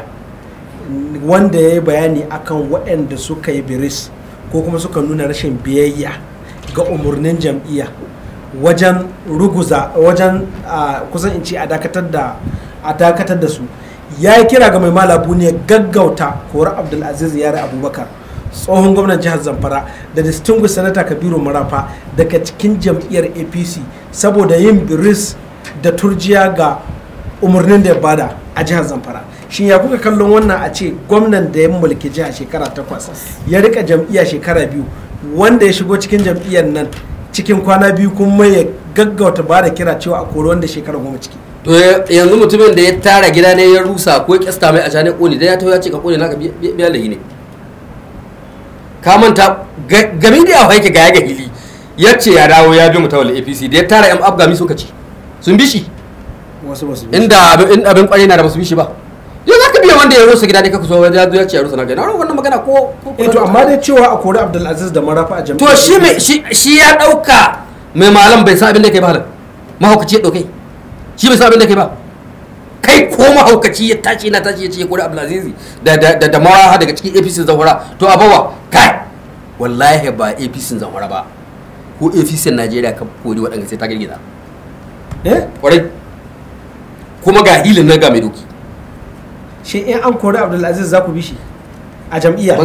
Speaker 2: wanda ya yi bayani akan waɗanda suka yi biris ko kuma suka nuna rashin biyayya ga umarnin jam'iyya wajen ruguza wajen kusan in ce a dakatar da su ya yi kira ga mai malabu ne gaggauta kora abdulaziz yare abubakar tsohon gwamnan jihar zamfara da distinguished senator kabiru marafa daga cikin jam'iyyar apc saboda yin biris da turjiya ga umarnin da ya bada a jihar zamfara shi ya kuka kallon wannan a ce gwamnan da ya mulki jiha shekara takwas ya rika jam'iyya shekara biyu wanda ya shigo cikin jam'iyyar nan cikin kwana biyu kuma ya gaggauta ba da kira cewa a kori wanda shekara goma ciki
Speaker 4: to eh, yanzu mutumin da ya tara gida ne ya rusa ko ya kyasta mai a shanin koli da ya tawo ya ce ka koli ka biya da ne ka manta game da yawa yake ga ya ga hili ya ce ya dawo ya bi mutawar apc da ya tara yan afgami suka ci sun bi shi inda abin kwarai na da basu bi shi ba yau za ka biya wanda ya rusa gida ne ka kusa ya zo ya ce ya rusa na gani na wannan magana ko ko eh, to amma dai cewa a kori abdulaziz da marafa a jami'a to shi shi ya dauka mai malam bai san abin da kai ba halin mahaukaci ya ɗauke shi bai san abin da kai ba kai ko mahaukaci ya tashi na tashi ya ce ya kori abdulazizi da da da maraha daga cikin apc zahura to abawa kai wallahi ba apc zahura ba ko apc najeriya ka kori waɗanda sai ta girgiza eh kwarai kuma ga ilin na ga mai doki
Speaker 2: shi in an kori abdulaziz za ku bi shi a jam'iyya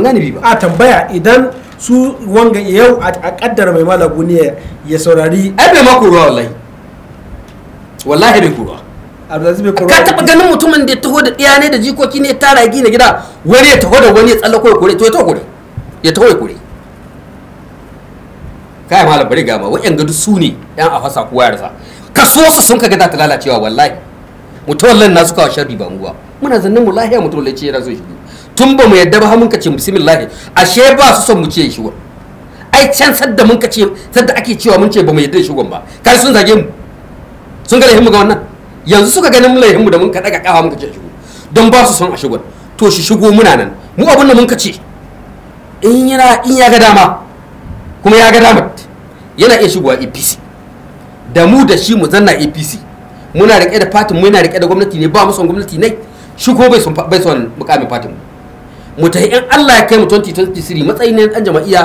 Speaker 2: a tambaya idan su wanga yau a kaddara mai malabu ne ya saurari ai bai ma kuruwa wallahi
Speaker 4: wallahi bai kuruwa ka taba ganin mutumin da ya taho da ɗiya da jikoki ne tara gina gida wani ya taho da wani ya tsallako ya kore to ya taho kore ya taho ya kore kai malam bari gama wa'yan gadu su ne yan afasa fasa kowa ya rasa kaso su sun kaga za ta lalacewa wallahi mutuwallan na suka wa sharri ba muwa muna zannin mu lahiya mutum lace ya so shi tun ba mu yadda ba mun kace, bismillah ashe ba su son mu ce shi ai can sadda mun kace, sadda ake cewa mun ce ba mu yadda shi ba kai sun zage mu sun ga lahimu mu ga wannan yanzu suka ganin mun mu da mun ka daga kawa mun kace shi don ba su son a shigo to shi shigo muna nan mu abun da mun kace. in yana in ya ga dama kuma ya ga dama yana iya shigowa APC da mu da shi mu zanna APC muna rike da fatin mu yana rike da gwamnati ne ba mu son gwamnati ne shi ko bai son bai son mukamin fatin mu mu ta in Allah ya kai mu 2023 matsayin ne dan jama'iyya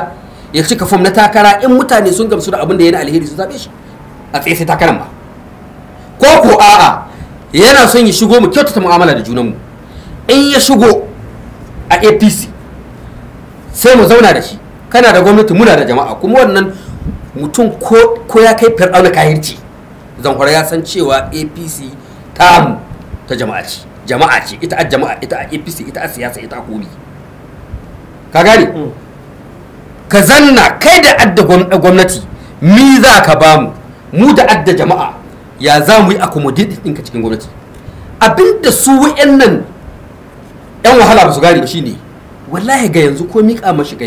Speaker 4: ya cika fom na takara in mutane sun gamsu da abin da yana alheri su zabe shi a tsaye sai takaran ba ko ko a'a yana son ya shigo mu kyautata mu'amala da junanmu in ya shigo a APC sai mu zauna da shi kana da gwamnati muna da jama'a kuma wannan mutum ko ya kai fir'auna kahirci zamfara ya san cewa APC tamu ta jama'a ce jama'a ce ita a jama'a ita a apc ita a siyasa ita a komi ka gane hmm. ka zanna kai da adda gwamnati mi za ka bamu mu da adda jama'a ya za mu yi accommodate ɗinka cikin gwamnati abinda su nan
Speaker 3: yan wahala ba su gane
Speaker 4: ba shine wallahi ga yanzu ko mika mashi ga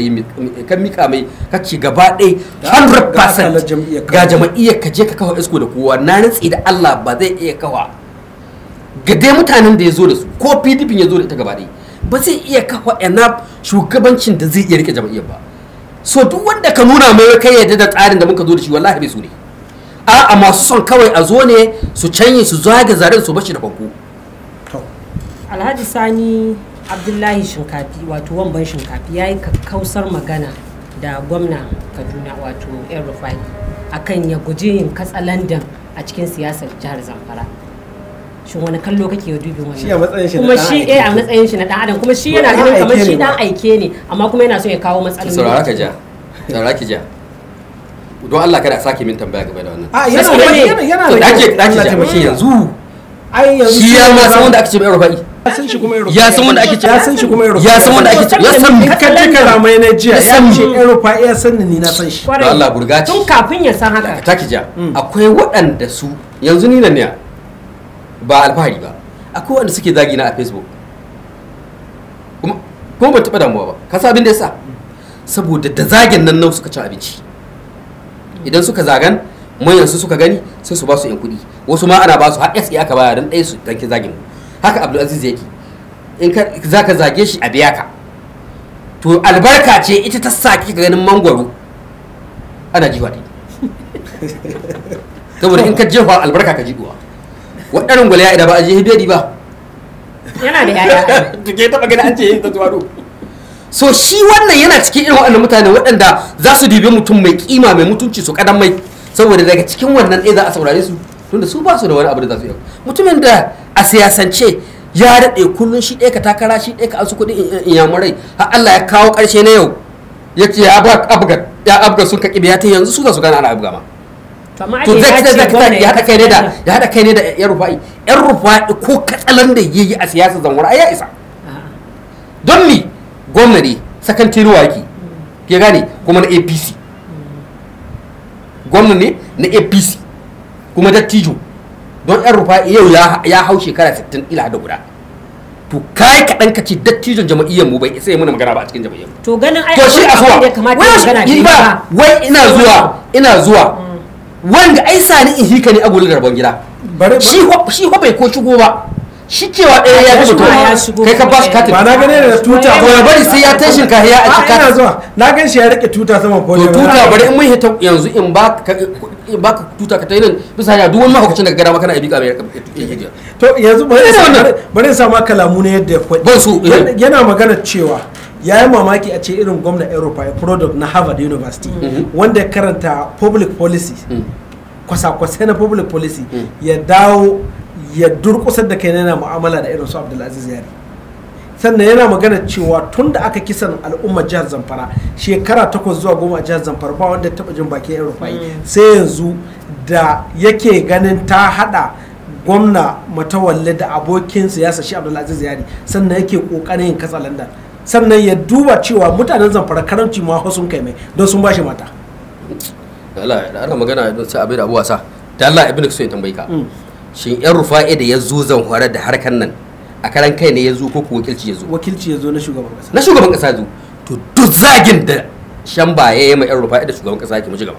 Speaker 4: ka miƙa mai kace gaba ɗai 100% ga jama'iyyar ka je ka kawo isko da kowa na nutsi da Allah ba zai iya kawa ga dai mutanen da ya zo da su ko pdp ya zo da ita gaba dai ba zai iya kafa enough shugabancin da zai iya rike jam'iyyar ba so duk wanda ka nuna mai kai yadda da tsarin da muka zo da shi wallahi bai ne a'a masu son kawai a zo ne su canye su zaga zaren su bashi da fanko
Speaker 3: alhaji sani abdullahi shinkafi wato wamban shinkafi ya yi kakkausar magana da gwamna kaduna wato yan rufai akan ya guji yin katsalandan a cikin siyasar jihar zamfara shin wani kallo kake wa dubin wani shi a matsayin shi kuma shi eh a matsayin shi na dan adam kuma shi yana ganin kamar shi dan aike ne amma kuma yana so ya kawo matsaloli saurara ka ja
Speaker 4: saurara ki ja don Allah kada a sake min tambaya gaba da wannan a yana yana yana da ake da ake ja yanzu
Speaker 2: ai yanzu shi ya ma san wanda ake ce mai rufa'i ya san shi kuma ya san wanda ake ce ya san shi kuma ya san wanda ake ce ya san ka ji karamai na jiya ya ce
Speaker 4: rufa'i ya san ni na san shi don Allah burgaci tun kafin ya san haka ta ki ja mm. akwai waɗanda su yanzu ni nan ne ba alfahari ba akwai wanda suke zagi na a facebook kuma ban taɓa damuwa ba ka sabin abin da yasa saboda da zagin nan nan suka ci abinci idan suka zagan su suka gani sai su ba su yan kuɗi wasu ma ana ba su har SA e aka baya don ɗaya su danke zagin haka Abdulaziz yake in ka za ka zage shi a biya ka to albarka ce ita ta sa ka ganin mangwaro ana jiwa dai saboda in ka jefa albarka ka ji duwa waɗannan gwale ya ida ba a je hibedi ba yana da yaya ke taɓa gani an ce yin tatuwado so shi wannan yana cikin irin waɗannan mutane waɗanda za su dubi mutum mai kima mai mutunci su kadan mai saboda daga cikin wannan ɗaya za a saurare su tunda su ba su da wani abu da za su yi mutumin da a siyasance ya daɗe kullum shi ɗaya ka takara shi ɗaya ka ansu kuɗi inyamurai har Allah ya kawo ƙarshe na yau ya ce ya abga sun ka biya ta yanzu su za su gana ana abga ma to zai zai zai ya haɗa kai ne da ya haɗa kai ne da yan rufa'i yan rufa'i ko katsalan da yayi a siyasar zanwar ya isa don ni gwamnati sakantiri waki ke gane kuma na apc mm. gwamna na apc kuma dattijo don yan rufa'i yau ya hau shekara 60 ila da guda to kai ka dan ce dattijon jama'iyyar mu bai isa yi mana magana ba a cikin jama'iyyar
Speaker 3: to ganin ai to shi a zuwa wai ina zuwa
Speaker 4: ina zuwa mm. wanda ai sani in hika ne a gurin garban gida shi ko bai ko shigo ba shi cewa ɗaya ya fito kai ka ba shi katin ba na gane da tuta ko ya bari sai ya tashin ka ya a cika ina zuwa na gan shi ya rike tuta sama ko to tuta bari in mun hita yanzu in ba ka in ba ka tuta ka tayin bisa ya duk wani mahaukacin da gara maka na ibi ka mai to yanzu bari bari sa ma kalamu ne yadda ya
Speaker 2: faɗi eh. yana magana cewa ya yi mamaki a ce irin gwamna europa a product na harvard university mhm. wanda ya karanta public policy mhm. kwasa-kwasai na public policy mhm. ya dawo ya durkusar da kai yana mu'amala da irin su abdulaziz yari sannan yana magana cewa tun da aka kisan al'ummar jihar zamfara shekara takwas zuwa goma a jihar zamfara ba wanda taba jin bakin europa mm. sai yanzu da yake ganin ta hada gwamna matawalle da abokin siyasa shi abdulaziz yari sannan yake kokarin yin katsa landan sannan ya duba cewa mutanen zamfara karamci ma sun kai mai don sun bashi mata
Speaker 4: Allah ana magana don sai abin da abuwa sa da Allah ibn so ya tambayi ka mm. shin yan rufa'i da ya zo zanfara da harkan nan a karan kai ne ya zo ko wakilci ya zo wakilci ya zo na shugaban kasa na shugaban kasa zo to duk zagin da shamba ya yi ma yan rufa'i da shugaban kasa yake mu gaba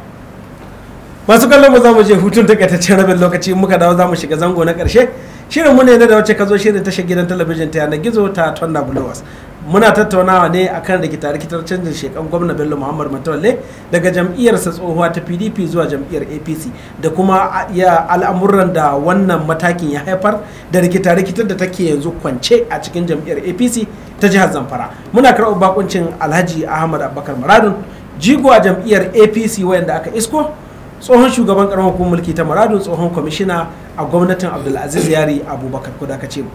Speaker 4: masu kallon mu za mu je hutun takaitaccen rabin
Speaker 2: lokaci muka dawo za mu shiga zango na karshe shirin mu ne da wacce ka zo shirin tashar gidan talabijin ta yanar gizo ta tonda blowers muna tattaunawa ne akan rikita-rikitar canjin shekan gwamna bello muhammad matawalle daga jam'iyyar sa tsohuwa ta pdp zuwa jam'iyyar apc da kuma ya al'amuran da wannan matakin ya haifar da rikita-rikitar da take yanzu kwance a cikin jam'iyyar apc ta jihar zamfara muna karɓar bakuncin alhaji ahmad abubakar maradun jigowa jam'iyyar apc wayanda aka isko tsohon shugaban karamar hukumar mulki ta maradun tsohon kwamishina a gwamnatin abdulaziz yari abubakar ko da ka ce mu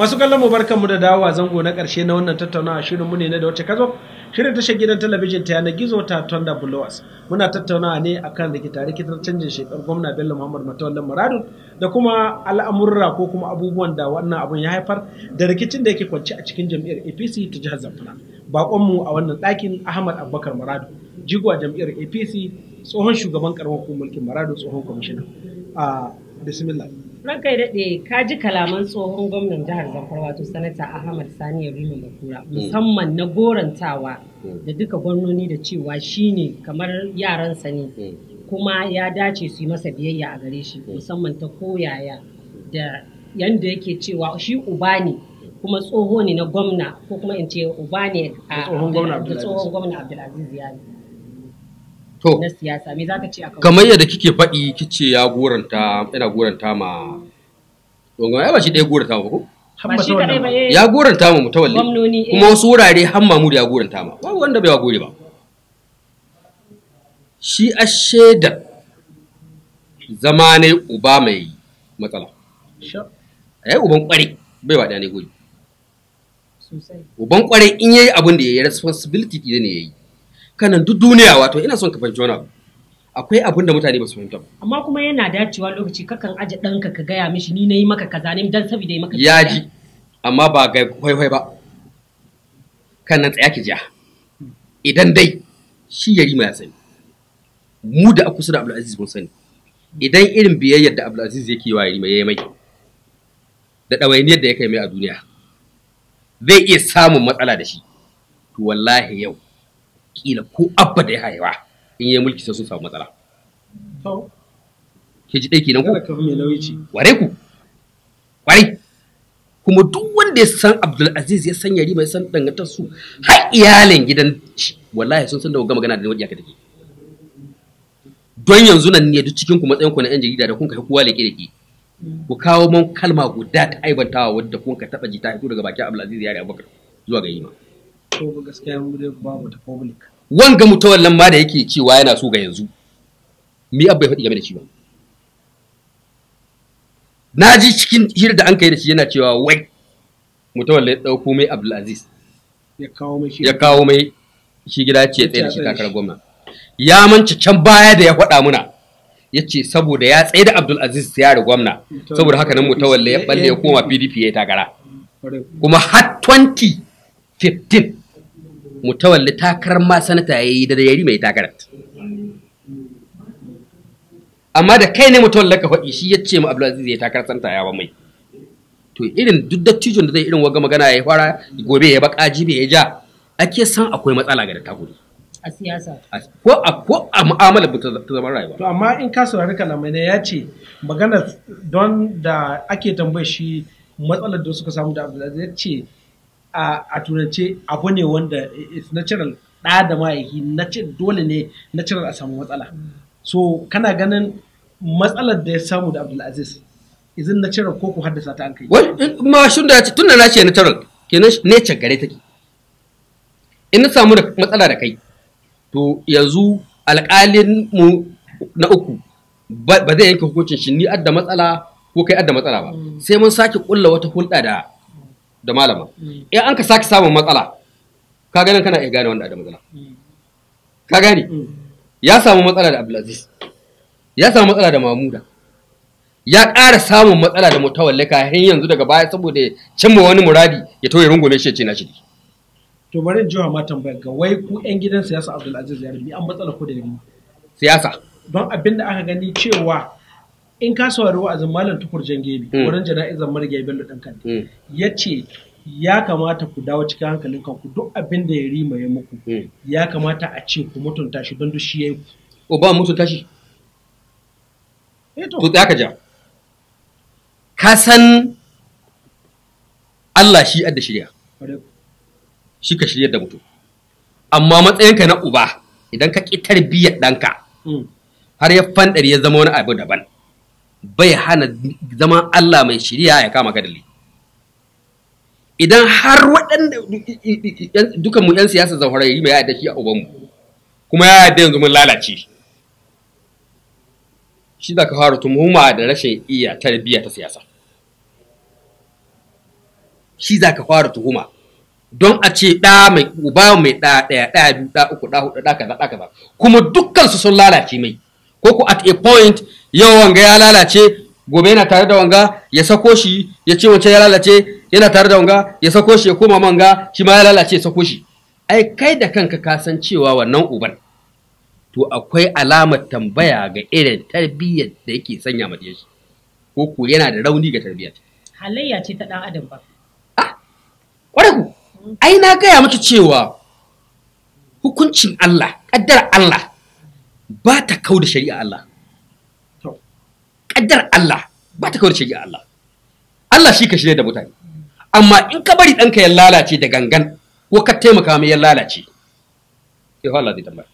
Speaker 2: masu kallon mu barkanmu da dawowa zango na karshe na wannan tattaunawa shirin mu ne na da wacce kazo shirin tashar gidan talabijin ta yanar gizo ta Thunder Blowers muna tattaunawa ne akan rikita rikitar canjin shekar gwamna Bello Muhammad Matawallan Muradu da kuma al'amurra ko kuma abubuwan da wannan abun ya haifar da rikicin da yake kwance a cikin jam'iyyar APC ta jihar Zamfara bakonmu a wannan ɗakin Ahmad Abubakar Muradu jigo a jam'iyyar APC tsohon shugaban karamar mulkin Muradu tsohon kwamishina a ah, bismillah
Speaker 3: ranka daɗe ka ji kalaman tsohon gwamnan jihar zamfara wato sanata ahmad sani yarima Bakura, mm. musamman na gorantawa mm. da duka gwamnoni da cewa shine kamar yaransa ne mm. kuma ya dace su yi masa biyayya a gare shi musamman ta koyaya da yanda yake cewa shi uba ne kuma tsoho ne na gwamna ko kuma in ce uba ne a tsohon gwamna abdulaziz yani To kamar
Speaker 4: yadda kike faɗi kice ya goranta yana goranta ma don ai ba shi ɗaya goranta ba ko eh. ya goranta ma mutawalli kuma eh. wasu wurare har mamur ya goranta ma babu wanda bai gore ba shi a shaidar zama ne uba mai matsala. A yi uban kware bai ɗaya ne goyi. Uban kware in yayi abin da ya yi responsibility ɗin ne ya yi. kanan duk duniya wato ina son ka fahimci wani abu akwai abin da mutane ba su fahimta
Speaker 3: amma kuma yana dacewa lokaci kakan aje ɗanka ka gaya mishi ni na yi maka kaza ne dan saboda yi maka ya
Speaker 4: ji amma ba ga hwaiwai ba kanan tsaya ki ja idan dai shi yari ya sani mu da aku kusa da Abdulaziz mun sani idan irin biyayyar da Abdulaziz yake yi wa yari mai mai da ɗawainiyar da ya kai mai a duniya zai iya samun matsala da shi to wallahi yau kila ko abba da ya haihuwa? in yi mulki sai sun samu matsala ke ji ɗai kenan ko ware ku ware kuma duk wanda ya san Abdulaziz ya san Yari mai san dangantar su har iyalin gidan shi wallahi sun san da ga magana da wadiya ka take don yanzu nan ne duk cikin ku matsayin ku na yan jarida da kun kai kowa leke leke ku kawo mun kalma guda ta aibantawa wadda kun ka taba ji ta fito daga bakin Abdulaziz Yari Abubakar zuwa ga yima.
Speaker 2: Wanga gaskiya mu
Speaker 4: wanga ma da yake cewa yana so ga yanzu mi abba ya faɗi game da shi ba na ji cikin hir da an kai da shi yana cewa wai mutawallan ya ɗauko mai abdulaziz
Speaker 2: ya kawo
Speaker 4: mai shi gida ce tsaye da shi kakar gwamna ya manci can baya da ya faɗa muna ya ce saboda ya tsaye da abdulaziz ya da gwamna saboda haka nan mutawallan ya balle ya koma pdp ya yi takara kuma har 2015 mutawalli takarar ma sanata ya yi da yari mai takarar amma da kai ne mutawalli ka faɗi shi ya ce mu abdulaziz ya takarar sanata ya ba mai to irin duk dattijon da zai irin waga magana ya fara gobe ya baka jibe ya ja ake san akwai matsala ga dattakuri a siyasa ko a ko a mu'amala ta zaman rayuwa to
Speaker 2: amma in ka saurari kalamai ne ya ce magana don da ake tambayar shi matsalar da suka samu da abdulaziz ya ce a turance abu ne wanda is natural ɗa da ma'aiki dole ne natural a samu matsala so kana ganin matsalar da ya samu da abdulaziz izin natural ko ku haddasa ta an kai
Speaker 4: ma shun da tun tunda na ce natural kenan ce gare take in na samu da matsala da kai to yanzu alƙalin mu na uku ba zai yanke hukuncin shi ni adda matsala ko kai adda matsala ba mm. sai mun sake kulla wata hulɗa da da malama mm. in an ka sake samun matsala ka ganin kana iya gane wanda da matsala mm. ka gane mm. ya samu matsala da abdulaziz ya samu matsala da mamuda ya ƙara samun matsala da mutawalle hin yanzu daga baya saboda ya cimma wani muradi ya toye rungume shi ce na shi
Speaker 2: to bari jiwa ma tambayar ga wai ku yan gidan siyasa abdulaziz ya rubi an matsala ko da ni siyasa don abin da aka gani cewa in ka ruwa a malam tukur jangebi, hmm. wurin jana'izan marigayi bello ɗan kanta hmm. ya ce ya kamata ku dawo cikin hankalin kanku duk abin da ya rima ya muku hmm. ya kamata a ce ku mutunta shi don duk shi ya yi
Speaker 4: ku. ba mutu shi? Eh to da ka ja ka san Allah shi adda shirya shi ka shirya da mutu. amma matsayinka na uba idan ka ƙi tarbiyyar ɗanka har ya fanɗari ya zama wani abu daban bai hana zaman Allah mai shiriya ya kama kadali idan har waɗanda dukan mu 'yan siyasa zahorai mai yada shi a ubanmu kuma ya yada yanzu mun lalace shi da ka fara tuhuma da rashin iya tarbiyya ta siyasa shi za ka fara tuhuma don a ce ɗa mai uba mai ɗa ɗaya ɗaya biyu ɗa uku ɗa hudu, ɗa kaza ɗa kaza kuma dukkan su sun lalace mai ko ku at a point yau wanga ya lalace gobe yana tare da wanga ya sako shi ya ce wancan ya lalace yana tare da wanga ya sako shi ya koma manga shi ma ya lalace ya sako shi ai kai da kanka ka san cewa wannan uban to akwai alamar tambaya ga irin tarbiyyar da yake sanya ma shi ko ko yana da rauni ga tarbiyyar
Speaker 3: halayya ce ta dan adam ba ah kware ku mm.
Speaker 4: ai na gaya miki cewa hukuncin Allah kaddar Allah ba ta kau da shari'a Allah ƙaddar Allah ba ta kau da shari'a Allah Allah shi ka shirya da mutane amma in ka bari ɗanka ya lalace da gangan ko ka taimaka mai ya lalace Yau Allah zai tambaya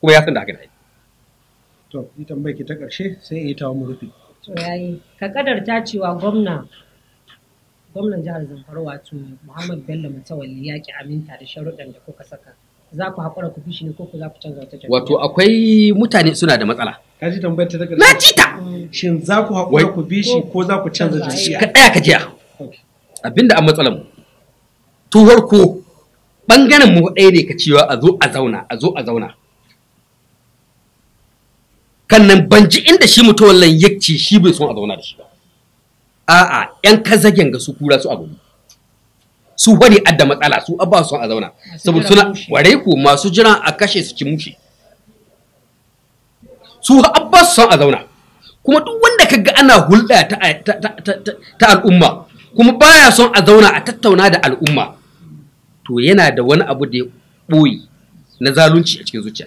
Speaker 4: kuma ya san da haka ne
Speaker 2: to yi tambaya ki ta ƙarshe sai in yi ta mu rufe
Speaker 3: to yayi ka kadarta cewa gwamna gwamnan jihar Zamfara wato Muhammad Bello Mutawalli ya ki aminta da sharuɗan da kuka saka za ku haƙura ku fishi ne ko ku za ku canza wata Wato akwai
Speaker 4: mutane suna da matsala.
Speaker 3: Ka ji tambayar ta daga. Na ji ta.
Speaker 4: Mm. Shin za ku haƙura ku bi ko za ku canza jam'iyya? Ka tsaya ka jiya. Abinda an matsalar mu. Tuhar ko bangaren mu ɗaya ne ka cewa a zo a zauna a zo a zauna. Kannan nan ban ji inda shi mutuwallan ya ce shi bai son a zauna da shi ba. A'a 'yan kazagen ga su kura su a gobe. su bari adda matsala su abba su a zauna saboda suna ware ku masu jiran a kashe su ci mushi su abba su a zauna kuma duk wanda kaga ana hulɗa ta al'umma kuma baya son a zauna a tattauna da al'umma to yana da wani abu da ya ɓoye na zalunci a cikin zuciya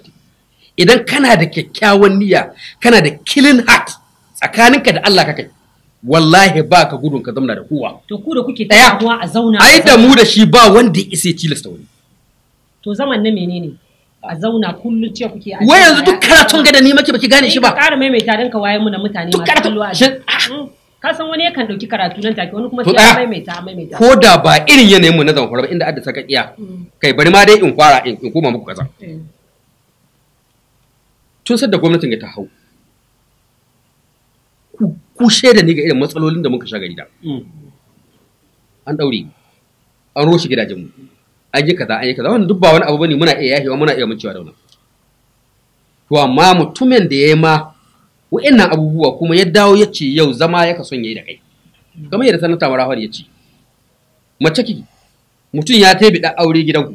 Speaker 4: idan kana da kyakkyawan niyya kana da killing heart tsakaninka da Allah ka kai wallahi ba ka gudun ka zamna da kowa
Speaker 3: to ku da kuke tsayawa a zauna ai da mu da
Speaker 4: shi ba wanda ya isa tilasta wani
Speaker 3: to zaman na menene a zauna kullum ce kuke a wai yanzu duk karatun gada ni make baki gane shi ba ƙara maimaita dan ka waye mu na mutane duk karatun mm. ka san wani yakan dauki karatu nan take wani kuma sai ya maimaita maimaita ko
Speaker 4: da ba irin yanayin mu na zaman kwara ba inda adda saka iya mm. kai bari ma dai in fara in koma muku kaza eh. tun sadda gwamnatin ta hau ku da ni ga irin matsalolin da muka sha gari da hmm. an ɗaure, an roshe gidajen mu an yi kaza an yi kaza wannan duk wani abu bane muna iya yahewa muna iya mancewa da wannan to amma mutumin da ya yi ma wa'annan abubuwa kuma ya dawo ya ce yau zama ya ka son ya yi da kai kamar yadda sanata marahon ya ce mace ki mutum ya taibi ɗan aure gidanku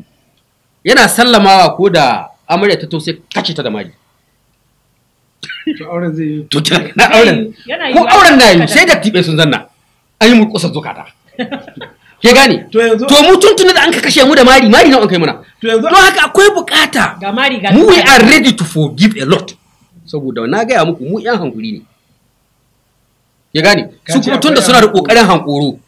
Speaker 4: yana sallamawa ko da amarya ta tausai kace ta da mari to auren zai yi to na auren
Speaker 2: ko auren na yi sai da
Speaker 4: tibe sun zanna an yi murkusa zukata ke gane to mu tuntuna da an ka kashe mu da mari mari na an kai muna
Speaker 3: To haka akwai bukata mu we are ready
Speaker 4: to forgive a lot saboda na gaya muku mu yan hankuri ne ya gane su kuma tunda da suna da kokarin hankoro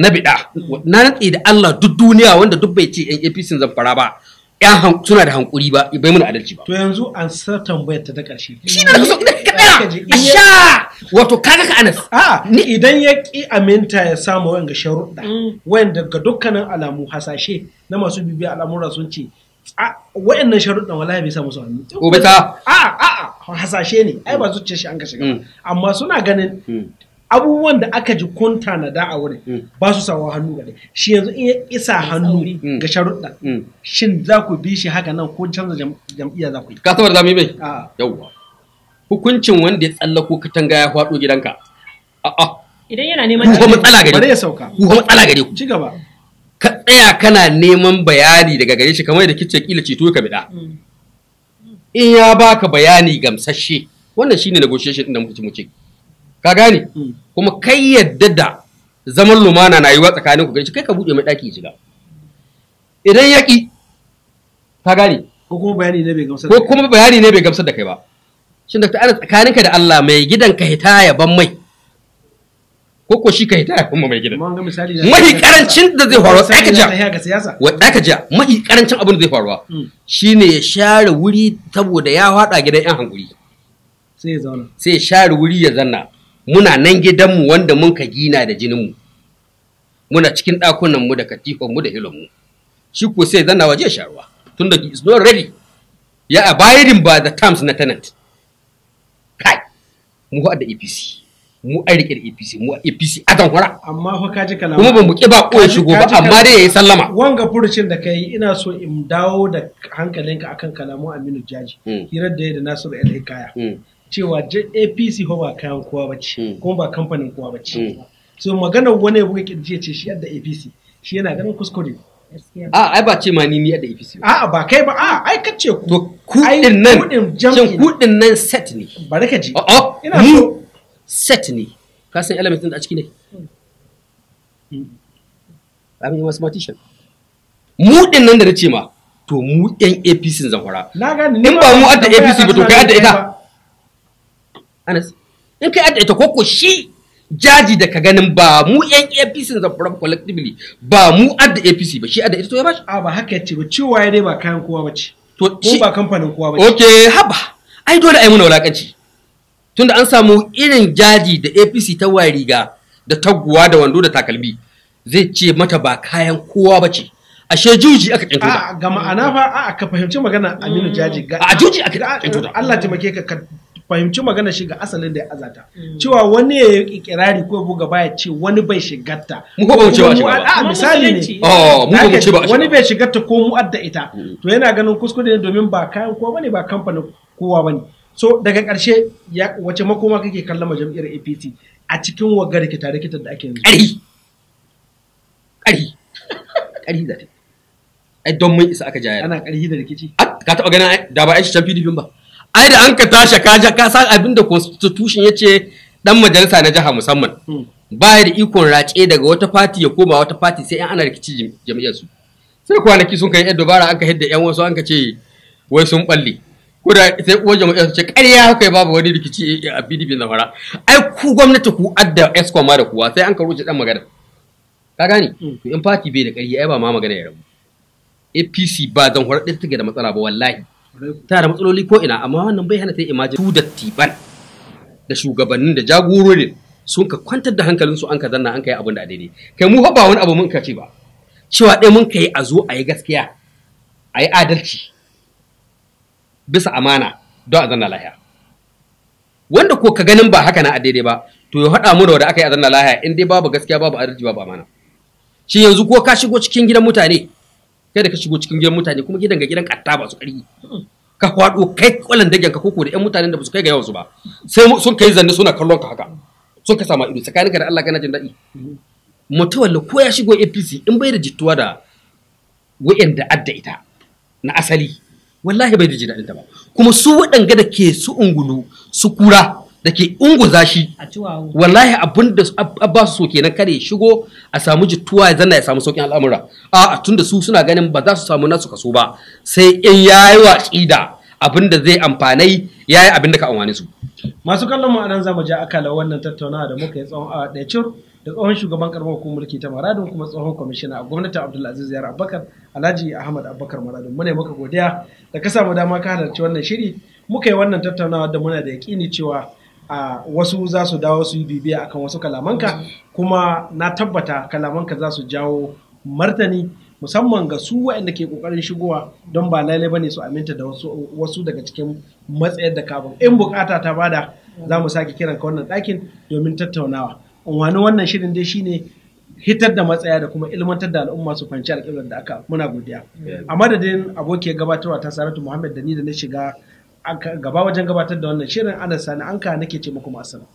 Speaker 4: na bida mm. na natsi da Allah duk duniya wanda duk bai ce yan APC zan fara ba yan suna da hankuri ba bai mana adalci ba
Speaker 2: to yanzu an sa tambayar ta ta karshe shi ne so da ka tsaya asha
Speaker 4: wato kaga ka anas a idan
Speaker 2: ya ki aminta ya samu mm. ga sharuɗa wayan daga dukkanin alamu hasashe na masu bibiya al'amura sun ce wa'annan sharuɗan wallahi bai sa musu hannu ko bai ta a a hasashe ne ai ba zuciyar shi an ka shiga mm. amma suna ganin mm. abubuwan da aka ji kun tanada a wurin mm. ba su sawa hannu ga shi yanzu in ya isa hannu mm. ga sharuɗa mm. shin za ku bi shi haka nan ko canza jam'iyya za ku yi Kasuwar Zami zamu
Speaker 4: bai yawwa hukuncin wanda ya tsallako katanga ya faɗo gidanka a'a
Speaker 3: idan yana neman ku matsala gare ku ya sauka ku
Speaker 4: matsala gare ku ci gaba ka tsaya kana neman bayani daga gare shi kamar da kice kila ceto ka bida in ya baka bayani gamsashe wannan shine negotiation din da muke muke ka gane hmm. kuma kai yadda da zaman lumana na yiwa tsakanin ku kai ka buɗe mai ɗaki shiga idan ya ƙi ka gane ko kuma bayani ne bai gamsar da kai ba shin da ana tsakaninka da Allah mai gidan ka hita ya ban mai ko ko shi ka hita ya kuma mai gidan mahi karancin da zai faruwa ka ja wa ka ja mahi karancin abin da zai faruwa hmm. shine ya share wuri saboda ya hada gidan yan hanguri sai ya zauna sai ya share wuri ya zanna muna nan gidanmu wanda mun ka gina da jininmu muna cikin ɗakunanmu da katifanmu da hilonmu shi ko sai zana waje sharuwa tun da is not ready ya abiding by the terms na tenant kai mu haɗa APC mu a riƙe da APC mu APC a tankwara
Speaker 2: amma fa ka ji kalama kuma ban buƙe ba ko shigo ba amma dai yayi sallama
Speaker 4: wanga furucin
Speaker 2: da kai ina so in dawo da hankalinka akan kalamu Aminu Jaji hmm. hirar da ya da Nasiru El Hikaya hmm. cewa apc ho ba kayan kowa ba ce hmm. kuma ba kamfanin kowa ba ce hmm. so maganar wani ya buga kirji ce shi yadda apc shi yana ganin kuskure
Speaker 4: a ah, ai ba ce ma ni yadda apc ba a ba kai ba a ai kace ku to kudin nan cin kudin nan set ne bari ka ji oh, oh, ina so set ne ka san element din a ciki ne hmm. I'm a mathematician. Mu din nan da na ce ma to mu yan APC zamfara. Na gane In ba mu adda APC ba to kai adda ita. Anas, in kai adda ita koko shi jaji da ka ganin ba mu yan APC da rabu collectively ba mu adda APC ba shi adda ita to ya bashi. A ba haka yace ba cewa ya dai ba kayan kowa ce. To shi. ba kamfanin kowa ba ce. Ok, haba. Ai dole ai muna wulakanci. Tunda an samu irin jaji da APC ta waye riga da taguwa da wando da takalmi zai ce mata ba kayan kowa ba ce. ashe juji aka kinto da ga ma'ana fa a ka fahimci magana Aminu Jaji ga a juji aka kinto da Allah
Speaker 2: taimake ka fahimci magana shi ga asalin da ya azata mm. cewa wani ya yi kirari ko buga baya ce wani bai shigarta mu ko ba cewa shiga ba misali ne oh, mu ko ce ba wani bai shigarta ko mu adda ita mm. to yana ganin kuskure ne domin ba kayan kowa bane ba kamfanin kowa bane so daga karshe wace makoma kake kallon ma jam'iyyar APC a cikin wagar rikita
Speaker 4: rikitar da ake yanzu ƙari ƙari ƙari da ta ai don mun isa aka jaya ana ƙari da rikici ah, ka taɓa ganin da ba aishi can PDP ba ai da an ka tashi ka ja ka san abin da constitution yace dan majalisa na jiha musamman hmm. ba da ikon race daga wata party ya koma wata party sai an ana rikici jami'ar su sai kwanaki sun kai yan bara an ka hidda yan wasu an ka ce wai sun balle ko da sai uwar jam'iyyar su ce ƙarya kai babu wani rikici a PDP na fara ai ku gwamnati ku adda escom ma da kuwa sai an ka ruce dan magana ka gane hmm. to in party bai da ƙarya ai ba ma magana ya rabu APC ba zan horar ɗin take da matsala ba wallahi ta da matsaloli ko ina amma wannan bai hana ta imajin su tiban da shugabannin da jagororin sun ka kwantar da hankalinsu an ka zanna an ka yi abin da daidai kai mu ba wani abu mun ka ce ba cewa ɗaya mun ka yi a zo a yi gaskiya a yi adalci bisa amana don a zanna lahiya wanda ko ka ganin ba haka na a daidai ba to ya haɗa mu da wanda aka yi a zanna lahiya in dai babu gaskiya babu adalci babu amana shi yanzu ko ka shigo cikin gidan mutane kai da ka shigo cikin gidan mutane kuma gidan ga gidan katta ba su ƙarfi ka kwado kai kwalan dagen ka koko da yan mutanen da ba su kai ga yawan su ba sai sun kai zanne suna kallon ka haka sun ka sama ido ka da Allah kana jin daɗi mutawalla ko ya shigo APC in bai da jituwa da wa'anda adda ita na asali wallahi bai da jin daɗin ta ba kuma su waɗanga da ke su ungulu su kura da ke unguza shi wallahi abin da abba su so kenan kare shigo a samu jituwa ya zanna ya samu saukin al'amura a tun da su suna ganin ba za su samu nasu kaso ba sai in ya yi watsi da abin da zai amfanai ya yi abin da ka amfani su.
Speaker 2: masu kallon mu anan zamu ja akala wannan tattaunawa da muka yi tsawon awa ɗaya cur da tsohon shugaban karamar hukumar mulki ta maradun kuma tsohon kwamishina a gwamnatin abdulaziz yar abubakar alhaji ahmad abubakar maradun mu ne muka godiya da ka samu dama ka halarci wannan shiri muka yi wannan tattaunawa da muna da yaƙini cewa a wasu za su dawo su yi bibiya akan wasu kalamanka kuma na tabbata kalamanka za su jawo martani musamman ga su waɗanda ke ƙoƙarin shigowa don ba lalai ba ne su aminta da wasu daga cikin matsayar da kabin in bukata ta bada za mu sake kiran ka wannan ɗakin domin tattaunawa wani wannan shirin dai shine hitar da matsaya da kuma ilmantar da al'umma su fahimci alƙiblar da aka muna godiya a madadin abokiyar gabatarwa ta saratu muhammad da ni da na shiga gaba wajen gabatar da wannan shirin ana sani an ka nake ce muku masana.